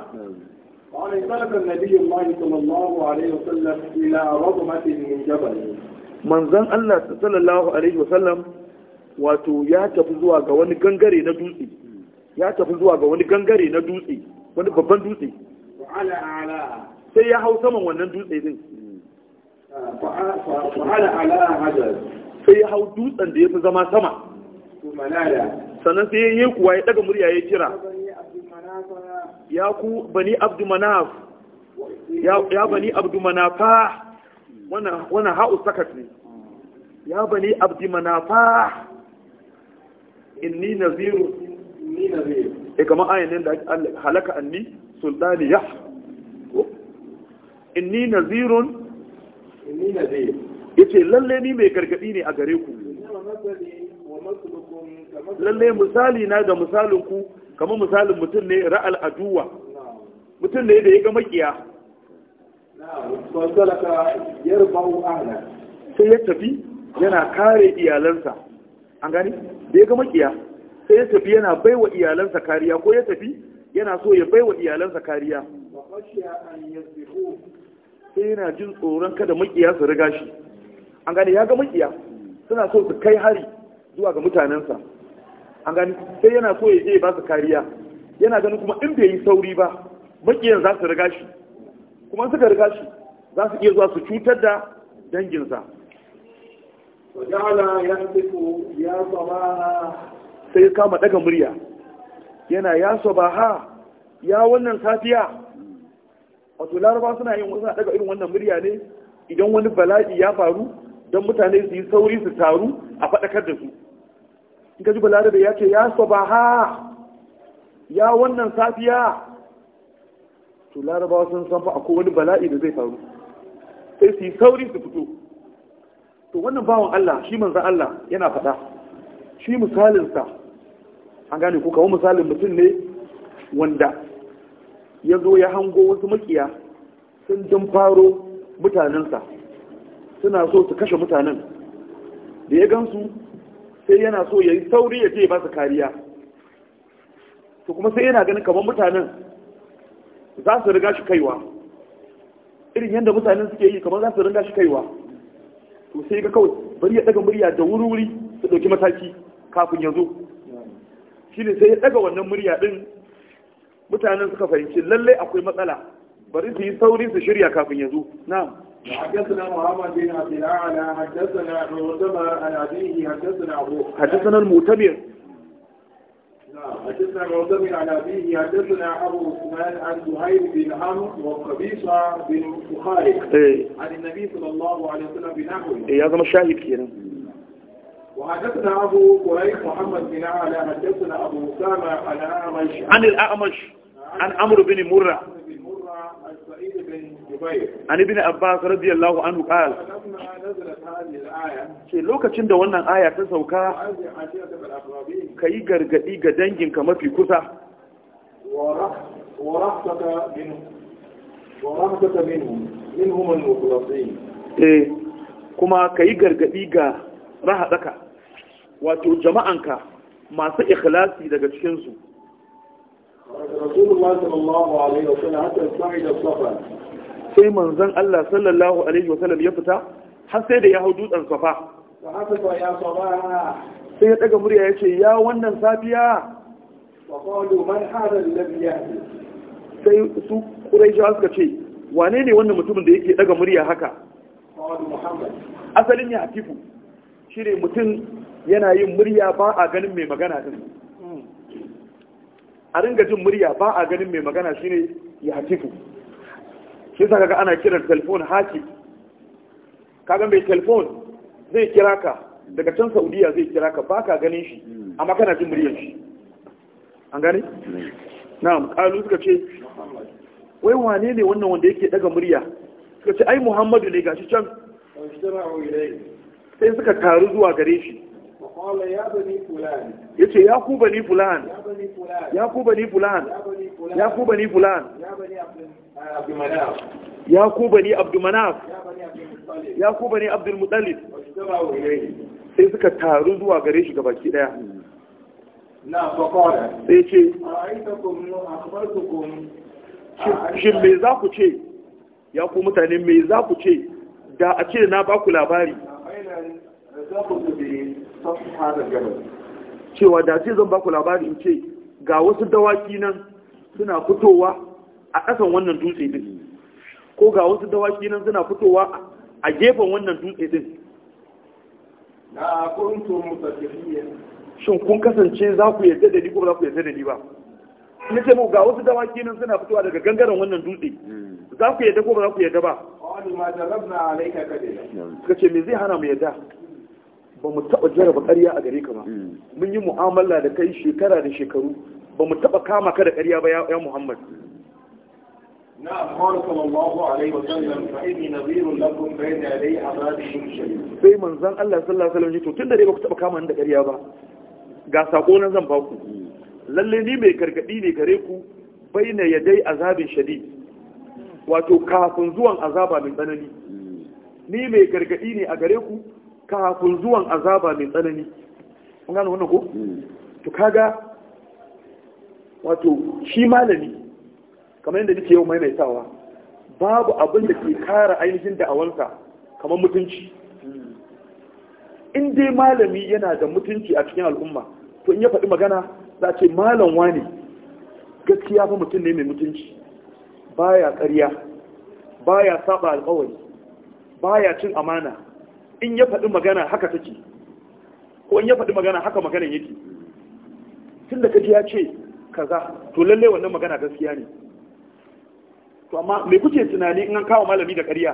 قال انطلق النبي الله صلى الله عليه وسلم إلى رضمة من جبل Manzan Allah sallallahu alaihi wasallam wato ya tafi zuwa ga wani gangare na dutse ya tafi zuwa ga wani gangare na dutse wani babban dutse sai ya hau saman wannan dutse din sai ya hau dutsen da ya fi zama sama sannan sai ya kuwa ya daga murya ya kira ya ku bani abdu manaf ya bani abdu manafa wannan ha'u sakat ne ya bani abdi manafa inni naziru inni naziru e kamar ayan da halaka anni sultani ya inni nazirun inni naziru yace lalle ni mai gargadi ne a gare ku lalle misali na ga misalin ku kamar misalin mutum ne ra'al aduwa mutum ne da ya ga makiya sai ya tafi yana kare iyalansa an gani da ya ga makiya sai ya tafi yana baiwa iyalansa kariya ko ya tafi yana so ya baiwa iyalansa kariya sai yana jin tsoron kada makiya su riga shi an gani ya ga makiya suna so su kai hari zuwa ga mutanensa an gani sai yana so ya je ba su kariya yana ganin kuma in bai yi sauri ba makiyan za su riga shi kuma suka riga shi za su iya zuwa su cutar da danginsa sai ya kama daga murya yana ya ha ya wannan safiya wato laraba suna yin wasu daga irin wannan murya ne idan wani bala'i ya faru don mutane su yi sauri su taru a faɗakar da su in ka ji balarabe ya ce ya ha ya wannan safiya to larabawa sun san fa akwai wani bala'i da zai faru sai su yi sauri su fito to wannan bawan Allah shi manzan Allah yana faɗa shi misalinsa an gane ko kawo misalin mutum ne wanda ya zo ya hango wasu makiya sun jin faro mutanensa suna so su kashe mutanen da ya gansu sai yana so ya yi sauri ya je ba su kariya to kuma sai yana ganin kamar mutanen za su riga shi kaiwa irin yadda mutanen suke yi kamar za su riga shi kaiwa to sai ga kawai bari ya daga murya da wuri-wuri su ɗauki mataki kafin ya zo shi ne sai ya daga wannan murya din mutanen suka fahimci lallai akwai matsala bari su yi sauri su shirya kafin ya zo na'am حدثنا محمد بن عبد الاعلى حدثنا المؤتمر عن ابيه حدثنا ابوه حدثنا المؤتمر حدثنا معتمر عن أبيه حدثنا أبو عثمان عن زهير بن عمرو والقبيصة بن بخاري عن النبي صلى الله عليه وسلم بنحوه إيه هذا مشاهد كده وحدثنا أبو قريب محمد بن على حدثنا أبو أسامة عن الأعمش عن الأعمش عن عمرو بن مرة عن ابن عباس رضي الله عنه قال lokacin da wannan aya ta sauka ka yi gargaɗi ga danginka mafi kusa eh, kuma ka yi gargaɗi ga rahaɗaka wato jama'anka masu ikhlasi daga cikinsu sai manzan Allah sallallahu Alaihi wasallam ya fita har sai da ya hau dutsen safa sai ya daga murya ya ce ya wannan safiya sai su ƙuraishawa suka ce wane ne wannan mutumin da yake daga murya haka asalin ya hatifu shi ne mutum yana yin murya ba a ganin mai magana din a ringa jin murya ba a ganin mai magana shi ne ya hatifu shi sa kaga ana kiran telefon haki kaga mai telefon zai kira ka daga can saudiya zai kira ka baka ganin shi hmm. amma kana jin muryar shi an gane na'am kalu suka ce wai wane ne wannan wanda yake daga murya suka ce ai muhammadu ne gashi can sai suka taru zuwa gare shi ya ce ya ku bani fulan ya ku bani fulan ya ku bani fulan ya ku bani abdumanaf ya ku bani abdulmutalib uh, sai suka taru zuwa gare shi gabaki daya na faƙoda sai ce shin me za ku ce ya ku mutane me za ku ce da a ce na ba ku labari cewa da ce zan ba ku labari in ce ga wasu dawaki nan suna fitowa a ƙasan wannan dutse din ko ga wasu dawaki nan suna fitowa a gefen wannan dutse din na kuntum mutakallimin shin kun kasance za ku yarda da ni ko ba za ku yarda da ni ba ni ce mu ga wasu dawaki nan suna fitowa daga gangaren wannan dutse hmm. za ku yarda ko ba za ku yarda ba wani ma jarabna alayka kadila suka ce me zai hana mu yarda ba mu taɓa jaraba ƙarya a gare ka ba hmm. mun yi mu'amala da kai shekara da shekaru ba mu taɓa kama ka da ƙarya ba ya muhammad sai manzan Allah sallallahu alaihi wasallam to da dai ku taba kama ni da ƙarya ba ga sako na zan ba ku. lalle ni mai gargadi ne gare ku bai na yadai azabin shadi, wato kafin zuwan azaba mai tsanani ni mai gargadi ne a gare ku kafin zuwan azaba mai tsanani kun gane wannan ko hmm. to kaga wato shi malami kamar yadda nake yau maimaitawa babu abin da ke kara ainihin da'awansa kamar mutunci in dai malami yana da mutunci a cikin al'umma to in ya faɗi magana za a ce malam wani gaskiya fa mutum ne mai mutunci baya ƙarya baya saba alƙawari baya cin amana in ya faɗi magana haka take ko in ya faɗi magana haka maganan yake tun da kaji ya ce kaza to lalle wannan magana gaskiya ne to amma me kuke tunani in an kawo malami da ƙarya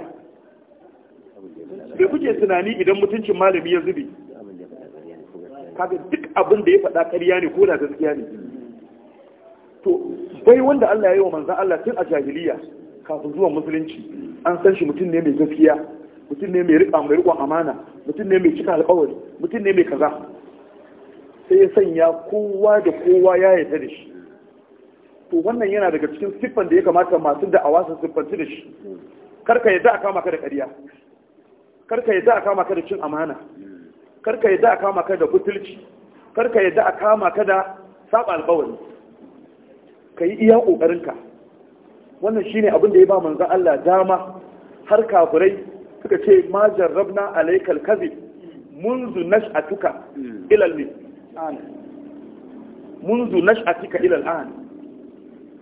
me kuke tunani idan mutuncin malami ya zube kaga duk abin da ya faɗa ƙarya ne ko da gaskiya ne to bai wanda Allah ya yi wa manzon Allah tun a jahiliya kafin zuwa musulunci an san shi mutum ne mai gaskiya mutum ne mai riƙa mai riƙon amana mutum ne mai cika alƙawari mutum ne mai kaza sai ya sanya kowa da kowa ya yarda da shi to wannan yana daga cikin siffan da ya kamata masu da'awa su siffanci da shi karka yadda a kama ka da ƙarya karka yadda a kama ka da cin amana karka yadda a kama ka da butulci karka yadda a kama ka da saba alƙawari ka yi iya ƙoƙarinka wannan shi ne abin da ya ba manzan Allah dama har kafirai suka ce ma jarrabna alaikal kadhib منذ نشأتك إلى الآن منذ نشأتك إلى الآن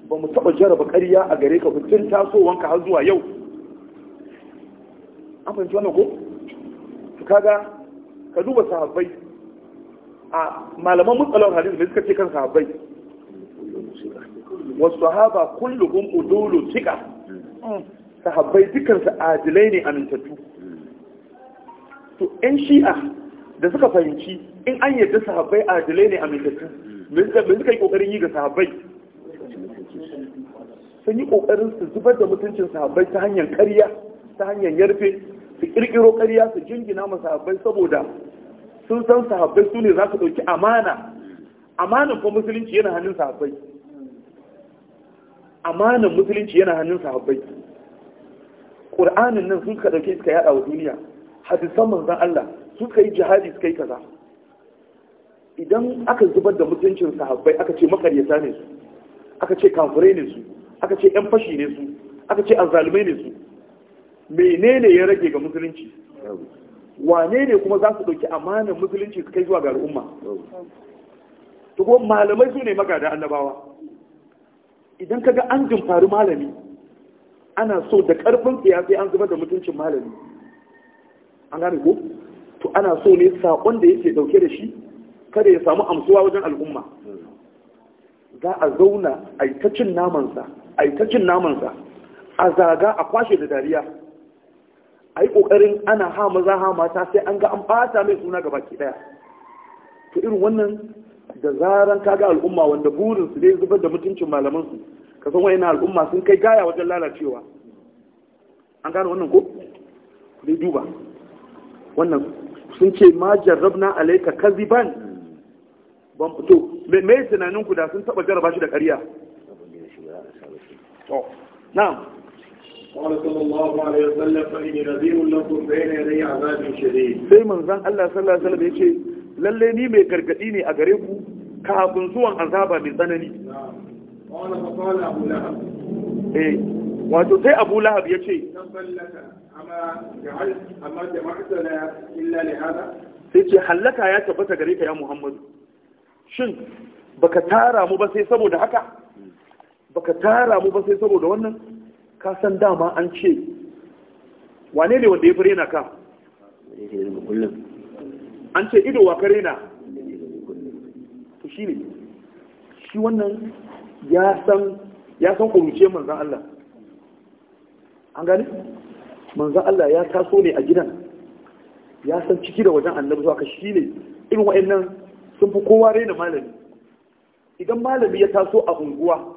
ba mu taɓa jaraba ƙarya a gare ka tun tasowanka har zuwa yau an fahimci wannan ko to kaga ka duba sahabbai a malaman mutsalar hadis da suka ce kan sahabbai wasu sahaba kulluhum udulu tika sahabbai dukansu adilai ne amintattu to in shi'a da suka fahimci in an yadda sahabbai adilai ne amintattu me suka yi kokarin yi ga sahabbai sun yi ƙoƙarin su zubar da mutuncin sahabbai ta hanyar ƙarya ta hanyar yarfe su ƙirƙiro ƙarya su jingina ma sahabbai saboda sun san sahabbai su ne za su ɗauki amana amanan ko musulunci yana hannun sahabbai amanan musulunci yana hannun sahabbai ƙur'anin nan sun ka ɗauke suka yaɗa wa duniya hadisan manzon Allah ka yi jihadi suka yi kaza idan aka zubar da mutuncin sahabbai aka ce makaryata ne su aka ce kafirai ne su aka ce yan fashi ne su aka ce azzalumai ne su menene ya rage ga musulunci wane ne kuma za su ɗauki amanar musulunci su kai zuwa ga al'umma to kuma malamai su ne magada annabawa idan ka ga an jimfari malami ana so da karfin ya sai an zubar da mutuncin malami an gane ko to ana so ne sakon da yake ɗauke da shi kada ya samu amsuwa wajen al'umma za a zauna a yi naman cin namansa a yi ta cin namansa a zaga a kwashe da dariya a yi ƙoƙarin ana ha maza ha mata sai an ga an ɓata mai suna gaba ke ɗaya ta irin wannan da zaran kaga al'umma wanda burinsu dai zubar da mutuncin malamansu ka san wayan al'umma sun kai gaya wajen lalacewa an gane wannan ko dai duba wannan sun ce ma jarrabna alaika kaziban ban fito me tunaninku da sun taba jarraba shi da ƙarya to na'am قال sai manzon Allah sallallahu alaihi wasallam yace lalle ni mai gargadi ne a gare ku kafin zuwan azaba mai tsanani qala fa eh wato sai abu lahab yace amma sai ce hallaka ya tabbata gare ka ya Muhammadu shin baka tara mu ba sai saboda haka baka tara mu ba sai saboda wannan ka san dama an ce wane ne wanda ya fi rena ka an ce ido wa ka na to shi ne shi wannan ya san ya san kuruce manzan Allah an gani manzan Allah ya taso ne a gidan ya san ciki da wajen annabi zuwa ka shi ne irin wa'annan sun fi kowa rena malami idan malami ya taso a unguwa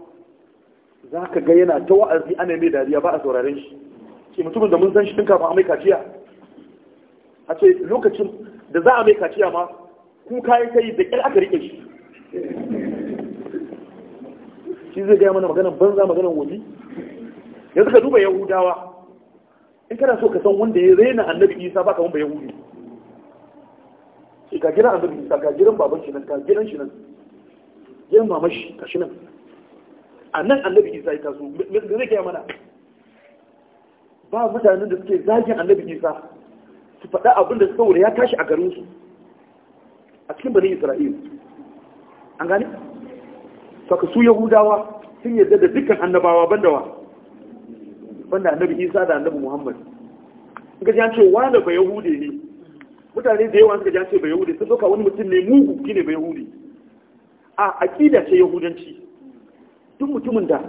za ka ga yana ta wa'azi ana mai dariya ba a sauraren shi ke mutumin da mun san shi tun kafin a mai kaciya a ce lokacin da za a mai kaciya ma kuka ya kayi da ƙyar aka rike shi shi zai gaya mana maganan banza maganan wabi yanzu ka duba yahudawa in kana so ka san wanda ya rena annabi isa ba ka wanda yahudi sai ka gidan annabi isa ka gidan baban shi nan ka gidan shi nan gidan mamashi ka shi nan a nan annabi isa ya taso da zai gaya mana ba mutanen da suke zagin annabi isa su faɗa abin da saboda ya tashi a garinsu a cikin bane isra'il an gane saka su yahudawa sun yarda da dukkan annabawa banda wa banda annabi isa da annabi muhammad in ka an ce wani ba yahude ne mutane da yawa suka ji an ce ba yahude sun doka wani mutum ne mugu ne ba yahude a aƙida ce yahudanci duk mutumin da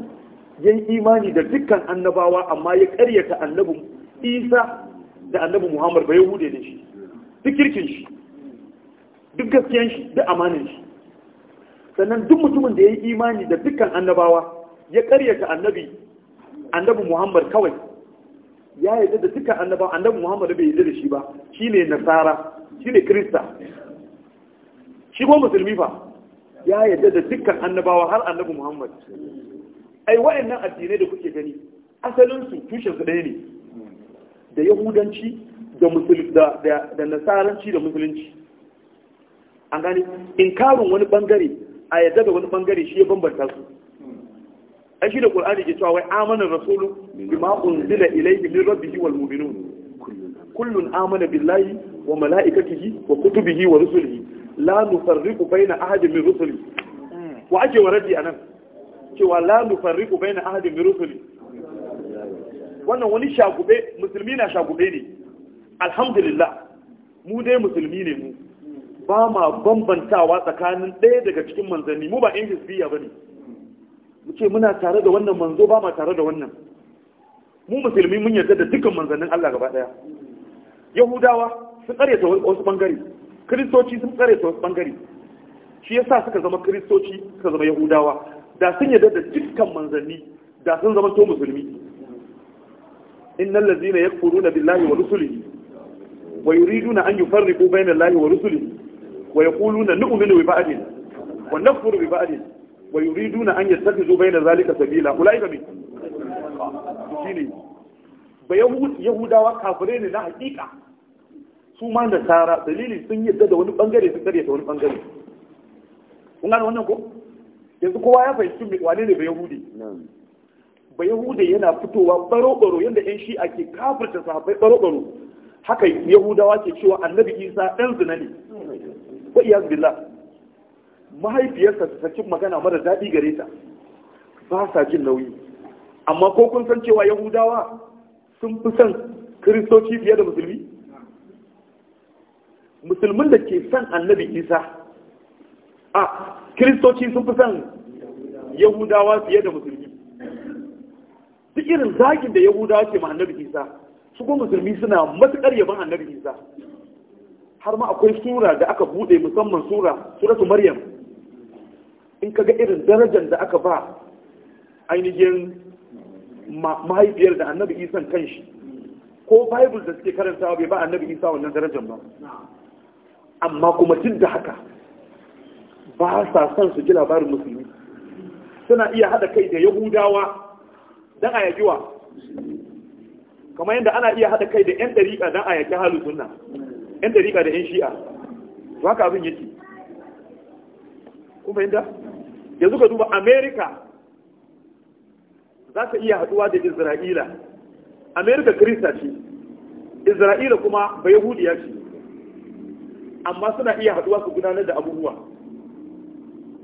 ya yi imani da dukkan annabawa amma ya karyata annabu isa da annabu muhammad ba ya hude da shi duk kirkin shi duk gaskiyan shi duk amanin shi sannan duk mutumin da ya yi imani da dukkan annabawa ya karyata annabi annabu muhammad kawai ya yarda da dukkan annabawa annabu muhammad bai yarda da shi ba Shi ne nasara shi ne krista shi ko musulmi fa ya yarda da dukkan annabawa har annabi Muhammad ai wayannan addinai da kuke gani asalin su tushen su ɗaya ne da yahudanci da da nasaranci da musulunci an in inkarin wani bangare a yadda da wani bangare shi ya bambanta su ai shi da qur'ani ke cewa wai amana rasulu bima unzila ilayhi min rabbihi wal mu'minun kullun amana billahi wa mala'ikatihi wa kutubihi wa rusulihi la nufarriqu baina ahadin min rusuli wa ake waradi anan cewa la nufarriqu baina ahadin min rusuli wannan wani shagube musulmi na shagube ne alhamdulillah mu dai musulmi ne mu ba ma bambantawa tsakanin ɗaya daga cikin manzanni mu ba yan biya ba ne mu ce muna tare da wannan manzo ba ma tare da wannan mu musulmi mun yarda da dukkan manzannin Allah gaba ɗaya yahudawa sun ƙaryata wasu ɓangare kiristoci sun tsare ta wasu bangare shi ya sa suka zama kiristoci suka zama yahudawa da sun yarda da dukkan manzanni da sun zama to musulmi innal ladzina na billahi wa rusulihi wa yuriduna an yufarriqu bayna allahi wa rusulihi wa yaquluna nu'minu bi ba'din wa nakfuru bi ba'din wa yuriduna an yattakhidhu bayna zalika sabila ulaika bi shine ba yahudawa kafire ne na hakika su ma da tara dalili sun yi da wani bangare sun karyata wani bangare kun gane wannan ko yanzu kowa ya fahimci wane ne bai yahudi bai yahudi yana fitowa baro-baro yadda yan shi ke kafirta sahabbai baro-baro haka yahudawa ke cewa annabi isa ɗan zina ne wa iya zubila mahaifiyarsa ta saki magana mara daɗi gare ta ba sa jin nauyi amma ko kun san cewa yahudawa sun fi son kiristoci fiye da musulmi musulmin da ke son annabi isa a kiristoci sun fi son yahudawa fiye da musulmi duk irin zagin da yahudawa ke ma annabi isa su ko musulmi suna matuƙar yaban annabi isa har ma akwai sura da aka bude musamman sura suratu maryam in ka ga irin darajar da aka ba ainihin mahaifiyar da annabi isan kanshi ko bible da suke karantawa bai ba annabi isa wannan darajar ba amma kuma duk da haka ba sa son su ji labarin musulmi suna iya haɗa kai da yahudawa don a yaƙi wa kamar yadda ana iya haɗa kai da 'yan ɗariƙa don a yaƙi halin sunna 'yan ɗariƙa da 'yan shi'a to haka abin yake kuma yadda yanzu ka duba amerika za ka iya haɗuwa da isra'ila amerika kirista ce isra'ila kuma bai yahudiya ce amma suna iya haduwa su gudanar da abubuwa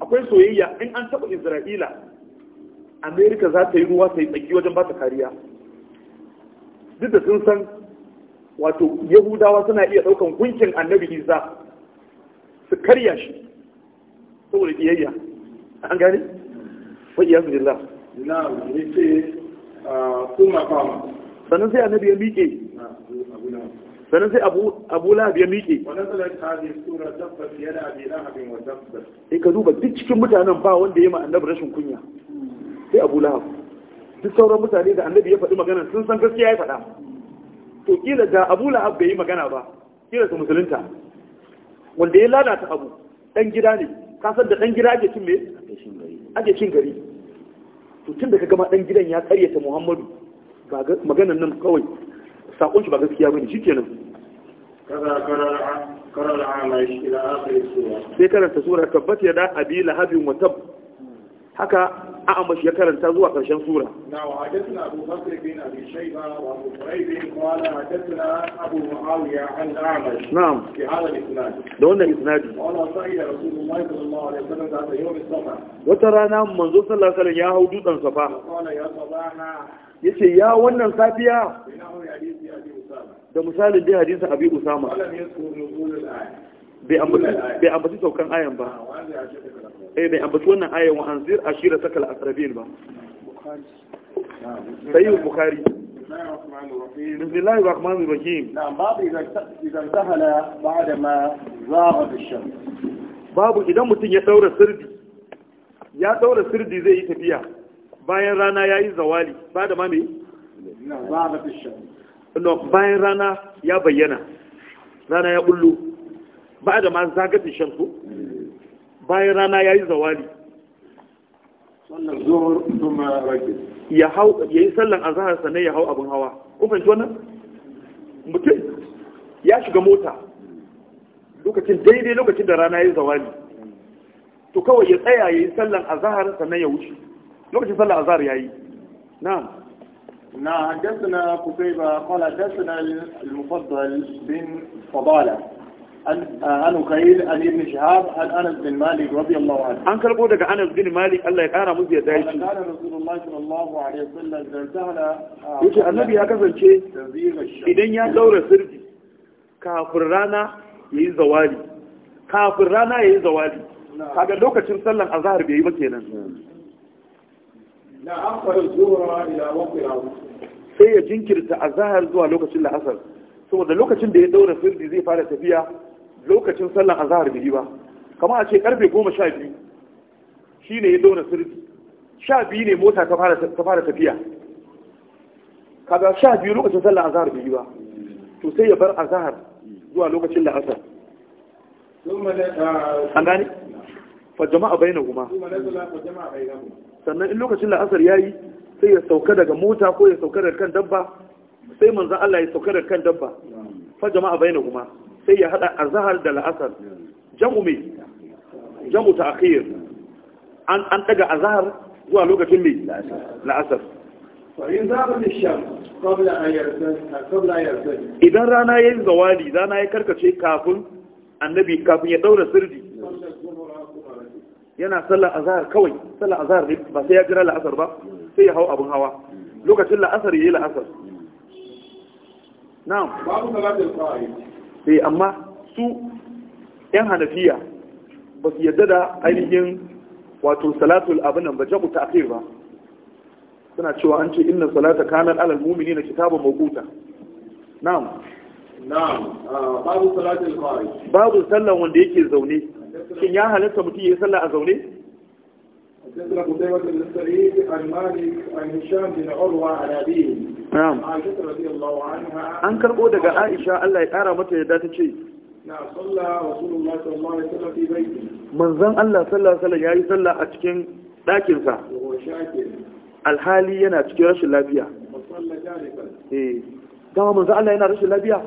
akwai soyayya in an taɓa isra'ila amerika za ta yi ruwa ta yi tsaki wajen ba ta kariya duk da sun san wato yahudawa suna iya ɗaukan gunkin annabi isa su karya shi saboda iyayya. an gani wa iyazu billah na ne ce ah, kuma fama sannan sai annabi ya miƙe sannan sai abu lahab ya miƙe in ka duba duk cikin mutanen ba wanda ya ma annabi rashin kunya sai abu lahab duk sauran mutane da annabi ya faɗi magana sun san gaskiya ya faɗa to kila da abu lahab bai yi magana ba kila su musulunta wanda ya lalata abu ɗan gida ne ka san da ɗan gida ake cin me ake cin gari to tun da ka gama ɗan gidan ya karyata muhammadu maganan nan kawai sakon shi ba gaskiya bane shikenan sai karanta sura tabbat ya da abi lahabin wa tab haka shi ya karanta zuwa karshen sura na wa hadathna abu bakr bin abi shayba wa abu quraib bin qala hadathna abu muawiya an a'amash na'am fi hada isnad da wannan isnadi wala sa'ida rasulullahi sallallahu alaihi wasallam da yawm as-safa wata rana manzo sallallahu alaihi wasallam ya hau dutsen safa qala ya sabaha ya ce ya wannan safiya da misalin dai hadisin abi usama bai ambaci saukan ayan ba eh bai ambaci wannan ayan wa anzir ashira sakal asrabin ba sayyid bukhari بسم الله الرحمن الرحيم نعم باب إذا انتهل بعد ما زاغت الشمس babu idan mutum ya daura sirdi ya daura sirdi zai yi tafiya bayan rana ya yi zawali ba da no bayan rana ya bayyana rana ya bullo ba da ma zagatin shanku eh. bayan rana ya yi zawali ya yi sallan a zahar sannan ya hau abin hawa ƙufanci wannan mutum ya shiga mota lokacin daidai lokacin da rana ya yi zawali to kawai ya tsaya ya yi sallan a zahar sannan ya wuce lokacin sallar azhar yayi na'am na haddathana kutayba qala haddathana al-mufaddal bin fadala an ukayl an ibn shihab an anas bin malik radiyallahu anhu an karbo daga anas bin malik Allah ya kara musu yadda yake kana rasulullahi sallallahu alaihi wasallam dan sahla ah, yace annabi ya kasance idan ya daura sirri kafin rana yayi zawali kafin rana yayi zawali kaga lokacin sallar azhar bai yi ba kenan sai ya jinkirta a zahar zuwa lokacin la'asar saboda lokacin da ya daura firdi zai fara tafiya lokacin sallan a zahar bai ba kama a ce karfe goma sha biyu shi ne ya daura firdi sha biyu ne mota ta fara tafiya kaga sha biyu lokacin sallan a zahar bai ba to sai ya bar a zahar zuwa lokacin la'asar an gani fa jama'a bainahuma sannan in lokacin la'asar ya yi sai ya sauka daga mota ko ya sauka daga kan dabba sai manzan Allah ya sauka daga kan dabba fa jama'a bai kuma sai ya haɗa azahar da la'asar jam'u me, jam'u ta akhir an ɗaga azahar zuwa lokacin mai la'asar idan rana ya yi zawali rana ya karkace kafin annabi kafin ya ɗaura sirri yana sallar azhar kawai sallar azhar ne ba sai ya jira la'asar ba sai ya hau abun hawa lokacin la'asar yayi la'asar na'am babu salatul qa'id eh, sai amma su yan hanafiya ba su yadda da ainihin wato salatul abin nan ba jabu ta'khir ba suna cewa an ce inna salata kanat alal mu'minina kitabun mawquta na'am na'am ah, babu salatul qa'id babu sallan wanda yake zaune shin ya halatta mutum ya yi sallah a zaune? An karɓo daga Aisha Allah ya ƙara mata ya dace. ce, Manzan Allah sallah sallah ya yi sallah a cikin ɗakinsa. Alhali yana cikin rashin lafiya. Eh, dama manzan Allah yana rashin lafiya?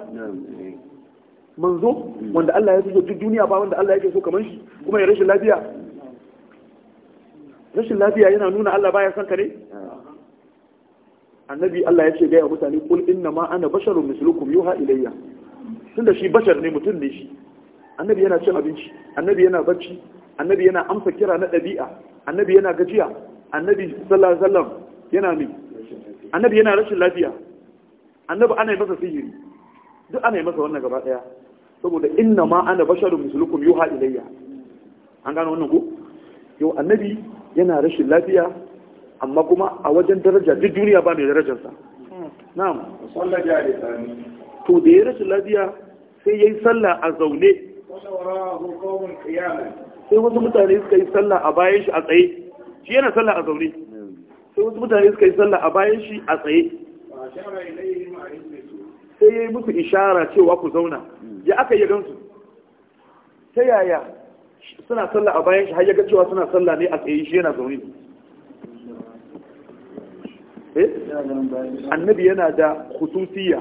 manzo wanda Allah ya so duk duniya ba wanda Allah yake so kamar shi kuma ya rashin lafiya rashin lafiya yana nuna Allah baya son ka ne annabi Allah ya ce ga ya mutane kul inna ma ana basharu mislukum yuha ilayya tunda shi bashar ne mutum ne shi annabi yana cin abinci annabi yana bacci annabi yana amsa kira na ɗabi'a annabi yana gajiya annabi sallallahu alaihi wasallam yana mi annabi yana rashin lafiya annabi ana yi masa sihiri duk ana yi masa wannan gaba daya saboda inna ma ana basharun mislukum yuha ilayya an gano wannan ku. yau annabi yana rashin lafiya amma kuma a wajen daraja duk duniya ba mai darajarsa na'am sallah ya da tsani to da ya rashin lafiya sai yayi sallah a zaune sai wasu mutane suka yi sallah a bayan shi a tsaye shi yana sallah a zaune sai wasu mutane suka yi sallah a bayan shi a tsaye sai ya yi musu ishara cewa ku zauna ya aka yi gansu ta yaya suna sallah a bayan shi har yaga cewa suna sallah ne a tsaye shi yana zaune eh? annabi yana da hususiya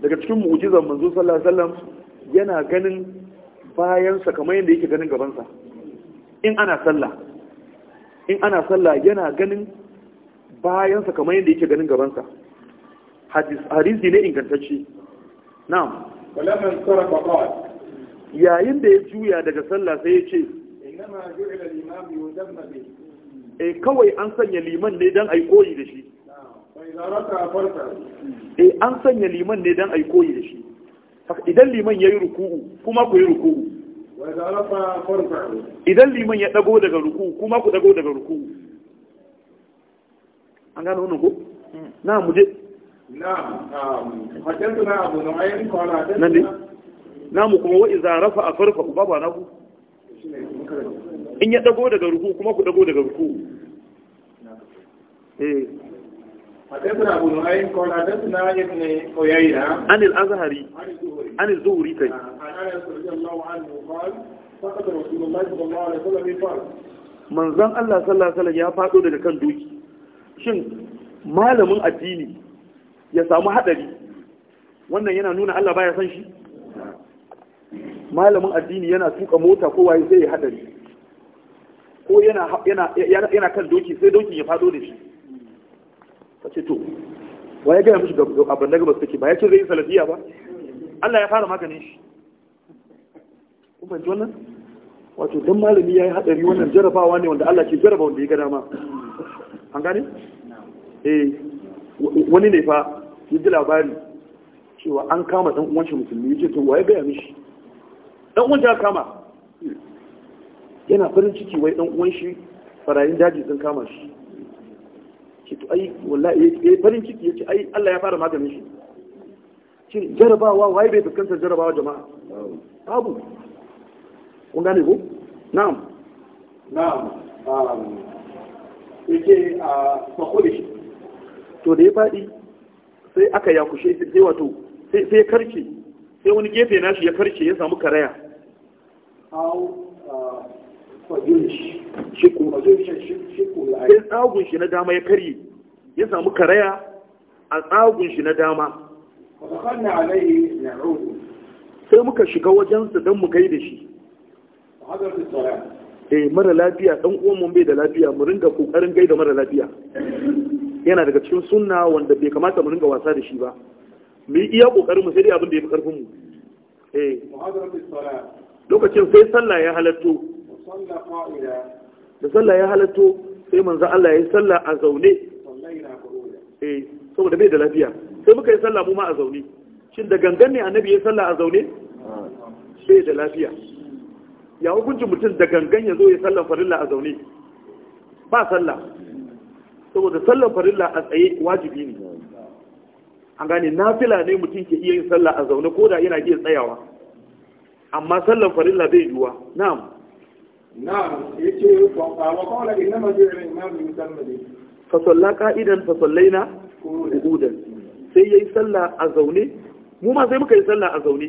daga cikin mu'jizar manzo sallallahu alaihi wasallam yana ganin bayansa kamar yadda yake ganin gabansa in ana sallah in ana sallah yana ganin bayansa kamar yadda yake ganin gabansa hadisi ne ingantacce na'am walamman sarrafa qad yayin da ya juya daga sallah sai ya ce e kawai an sanya liman ne don aikoyi koyi da shi E an sanya liman ne don aikoyi koyi da shi idan liman ya yi ruku'u kuma ku yi ruku'u idan liman ya dago daga ruku'u kuma ku dago daga ruku'u an gano wannan ko hmm. na muje Na mu kuma wa iza rafa a farfa ku babu na ku in ya dago daga ruku kuma ku dago daga ruku eh. Hadisuna Abu Nu'aym qala hadathna Ibn Uyayna an Allah sallallahu ya fado daga kan doki. Shin malamin addini ya samu haɗari wannan yana nuna Allah baya son shi malamin addini yana tuka mota ko waye sai ya haɗari ko yana kan doki sai doki ya fado da shi ta ce to wa ya gaya mishi ga abin da gabas take ba ya ce zai yi salafiya ba Allah ya fara maganin shi kuma ji wannan wato don malami ya yi haɗari wannan jarabawa ne wanda Allah ke jaraba wanda ya ga dama an gane eh wani ne fa ya ji labari cewa an kama ɗan uwan shi musulmi yake to waye gaya mishi Ɗan uwan ya kama yana farin ciki wai ɗan uwan shi farayin daji sun kama shi ke to ai wallahi yayi farin ciki yace ai Allah ya fara maganin shi shin jarabawa waye bai fuskantar jarabawa jama'a babu kun gane ko na'am na'am yake ah, a shi. to da ya faɗi sai aka ya kushe sai wato sai karce sai wani gefe nashi ya karce ya samu karaya uh, sai tsagun shi na dama ya karye ya samu karaya a tsagun shi na dama sai muka shiga wajensa don mu gai da shi eh mara lafiya dan uwan mun bai da lafiya mu ringa kokarin gaida mara lafiya yana daga cikin sunna wanda bai kamata mu ringa wasa da shi ba mu yi iya kokarin mu sai dai abin da ya fi karfin mu eh lokacin sai sallah ya halatto da sallah ya halatto sai manzo Allah ya yi sallah a zaune eh saboda bai da lafiya sai muka yi sallah mu ma a zaune shin da gangan ne annabi ya sallah a zaune bai da lafiya ya hukunci mutum da gangan ya zo ya sallah farilla a zaune ba sallah saboda sallan farilla a tsaye wajibi ne an gane nafila ne mutum ke iya yin sallah a zaune ko da yana iya tsayawa amma sallan farilla bai yiwuwa na'am na'am yace wa qala innama ju'ila imamu yusalli fa salla qa'idan fa sallaina qu'udan sai yayi sallah a zaune mu ma sai muka yi sallah a zaune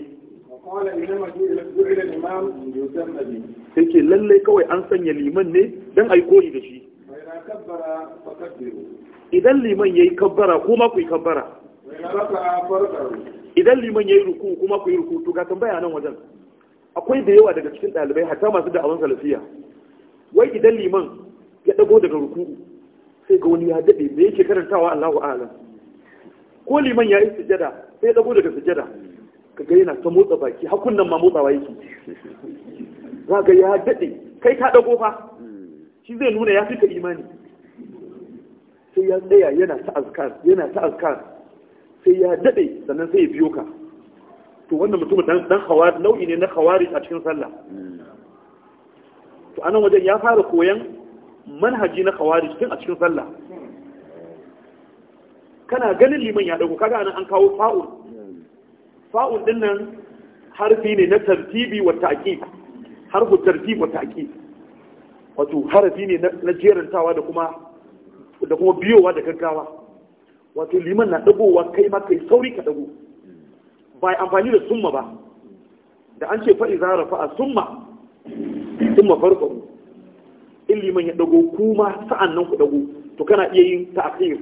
sai ke lallai kawai an sanya liman ne don a yi koyi da shi idan liman ya yi kabbara kuma ku yi kabbara idan liman ya yi ruku kuma ku yi ruku to ga tambaya nan wajen akwai da yawa daga cikin dalibai hatta masu da'awan salafiya wai idan liman ya dago daga ruku sai ga wani ya dade me yake karantawa Allahu a'lam ko liman ya yi sujada sai ya dago daga sujada kaga yana ta motsa baki hakunnan ma motsawa yake za ga ya dade kai ka dago fa shi zai nuna ya fita imani sai ya tsaya yana ta azkar yana ta azkar sai ya dade sannan sai ya biyo ka to wannan mutum dan dan khawar nau'i ne na khawari a cikin sallah to anan wajen ya fara koyan manhaji na khawari tun a cikin sallah kana ganin liman ya dago kaga anan an kawo fa'ul fa'ul dinnan nan harfi ne na tartibi wa ta'kid harfu tartib wa ta'kid wato harafi ne na jerantawa da kuma da kuma biyowa da gaggawa wato liman na dagowa kai ma kai sauri ka dago ba amfani da summa ba da an ce fa'iza rafa fa'a summa summa farko in liman ya dago kuma sa'an nan ku dago to kana iya yin ta'akhir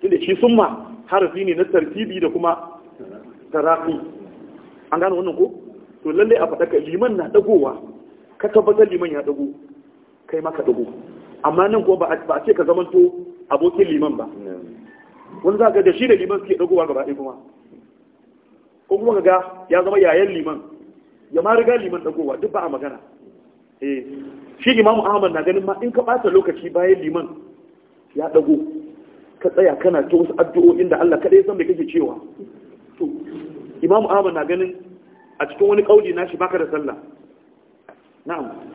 tunda shi summa harafi ne na tartibi da kuma tarafi an gano wannan ko to lalle a ka liman na dagowa ka tabbatar liman ya dago kai maka dubu amma nan ko ba a ce ka zamanto abokin liman ba wani za ka da shi da liman suke dagowa gaba ɗaya kuma ko kuma ga ya zama yayan liman ya ma riga liman dagowa duk ba a magana eh, shi imamu ahmad na ganin ma in ka ɓata lokaci bayan liman ya dago ka tsaya kana ta wasu addu'o'in da Allah kaɗai san da kake cewa to imamu ahmad na ganin a cikin wani kauli shi baka da sallah na'am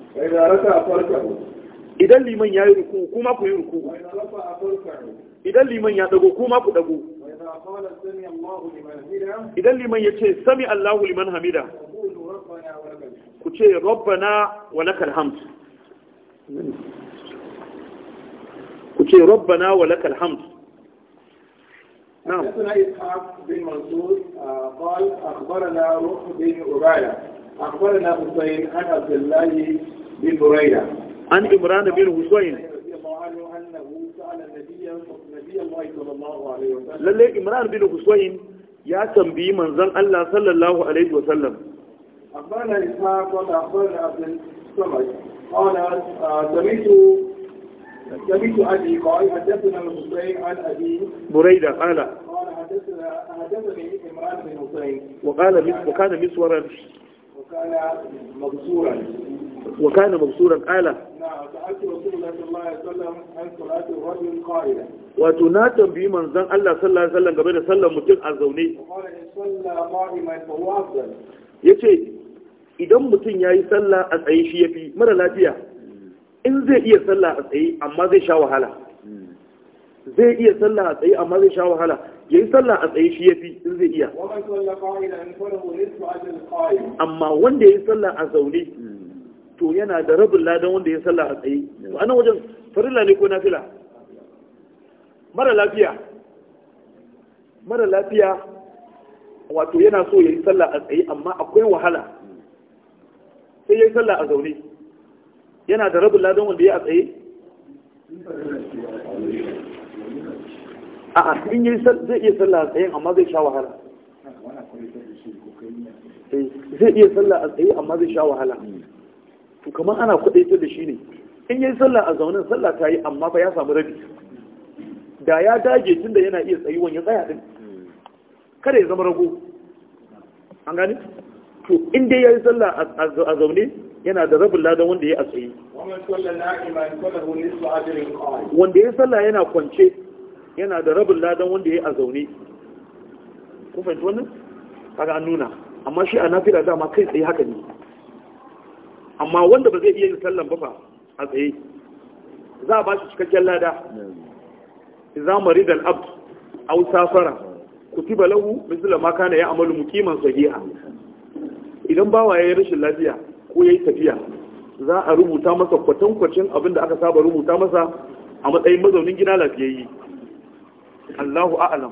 idan liman ya yi ruku kuma ku yi ruku idan liman ya dago kuma ku dago idan liman ya ce sami Allahu liman hamida ku ce rabbana wa lakal hamd ku ce rabbana wa lakal hamd نعم حدثنا إسحاق بن منصور قال أخبرنا روح بن عباية أخبرنا حسين عن عبد الله بن بريرة عن إبران بن حسين لله إمران بن حسين يا تنبي من ظن الله صلى الله عليه وسلم أخبرنا إسحاق وأخبرنا أبن سمج قال آه، سمعت سمعت أبي قال حدثنا حسين عن أبي بريدة قال قال حدثنا حدثني إمران بن حسين وقال وكان مسورا وكان مبصورا وكان مبصورا قال wato na tambayi manzon Allah sallallahu alaihi wasallam game da sallar mutum a zaune yace idan mutum ya yi sallah a tsaye shi ya fi mara lafiya in zai iya sallah a tsaye amma zai sha wahala zai iya sallah a tsaye amma zai sha wahala ya yi sallah a tsaye shi ya fi in zai iya amma wanda ya yi sallah a zaune to yana da rabin ladan wanda ya sallah a tsaye to anan wajen farilla ne ko nafila mara lafiya mara lafiya wato yana so ya yi sallah a tsaye amma akwai wahala sai ya yi sallah a zaune yana da rabin ladan wanda ya a tsaye a a in yi zai iya sallah eh, a tsaye amma zai sha wahala zai iya sallah a tsaye amma zai sha wahala to kamar ana kudai da shi ne in yi sallah a zaunin sallah ta yi amma fa ya samu rabi da ya dage tun da yana iya tsayuwan ya tsaya din kada ya zama rago an gani to in dai ya yi sallah a zaune yana da rabin ladan wanda ya a tsaye wanda ya sallah yana kwance yana da rabin ladan wanda ya a zaune kun fahimci wannan kaga an nuna amma shi a nafila dama kai tsaye haka ne amma wanda ba zai iya yin sallan ba a tsaye za a ba shi cikakken lada za mu rida al'abd aw safara kutiba lahu misla ma kana ya amalu muqiman sahiha idan bawa yi rashin lafiya ko ya yi tafiya za a rubuta masa kwatankwacin abin da aka saba rubuta masa a matsayin mazaunin gida lafiyayye Allahu a'alam.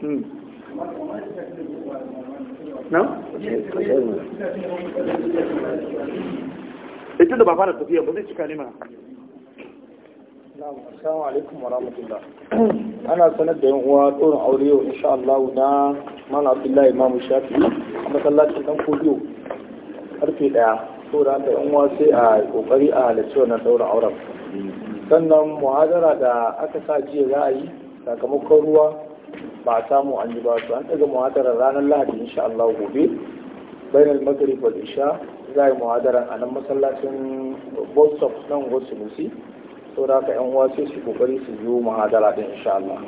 Hmm. na? ita da ba fara tafiya ba zai cika ne mana Assalamu alaikum wa rahmatullah. Ana sanar da yan uwa tsoron aure yau insha Allah na Malam Abdullahi Imam Shafi a masallacin Dan Kodiyo karfe daya. Saboda da yan uwa sai a kokari a halarci wannan tsoron auren. Sannan muhadara da aka sa jiya za a yi sakamakon ruwa ba a samu an ji ba su an daga muhadarar ranar lahadi insha Allah gobe bainal maghrib wal isha za a yi muhadarar a nan masallacin bostock nan wasu musi so da aka yan uwa sai su kokari su yi muhadara din insha Allah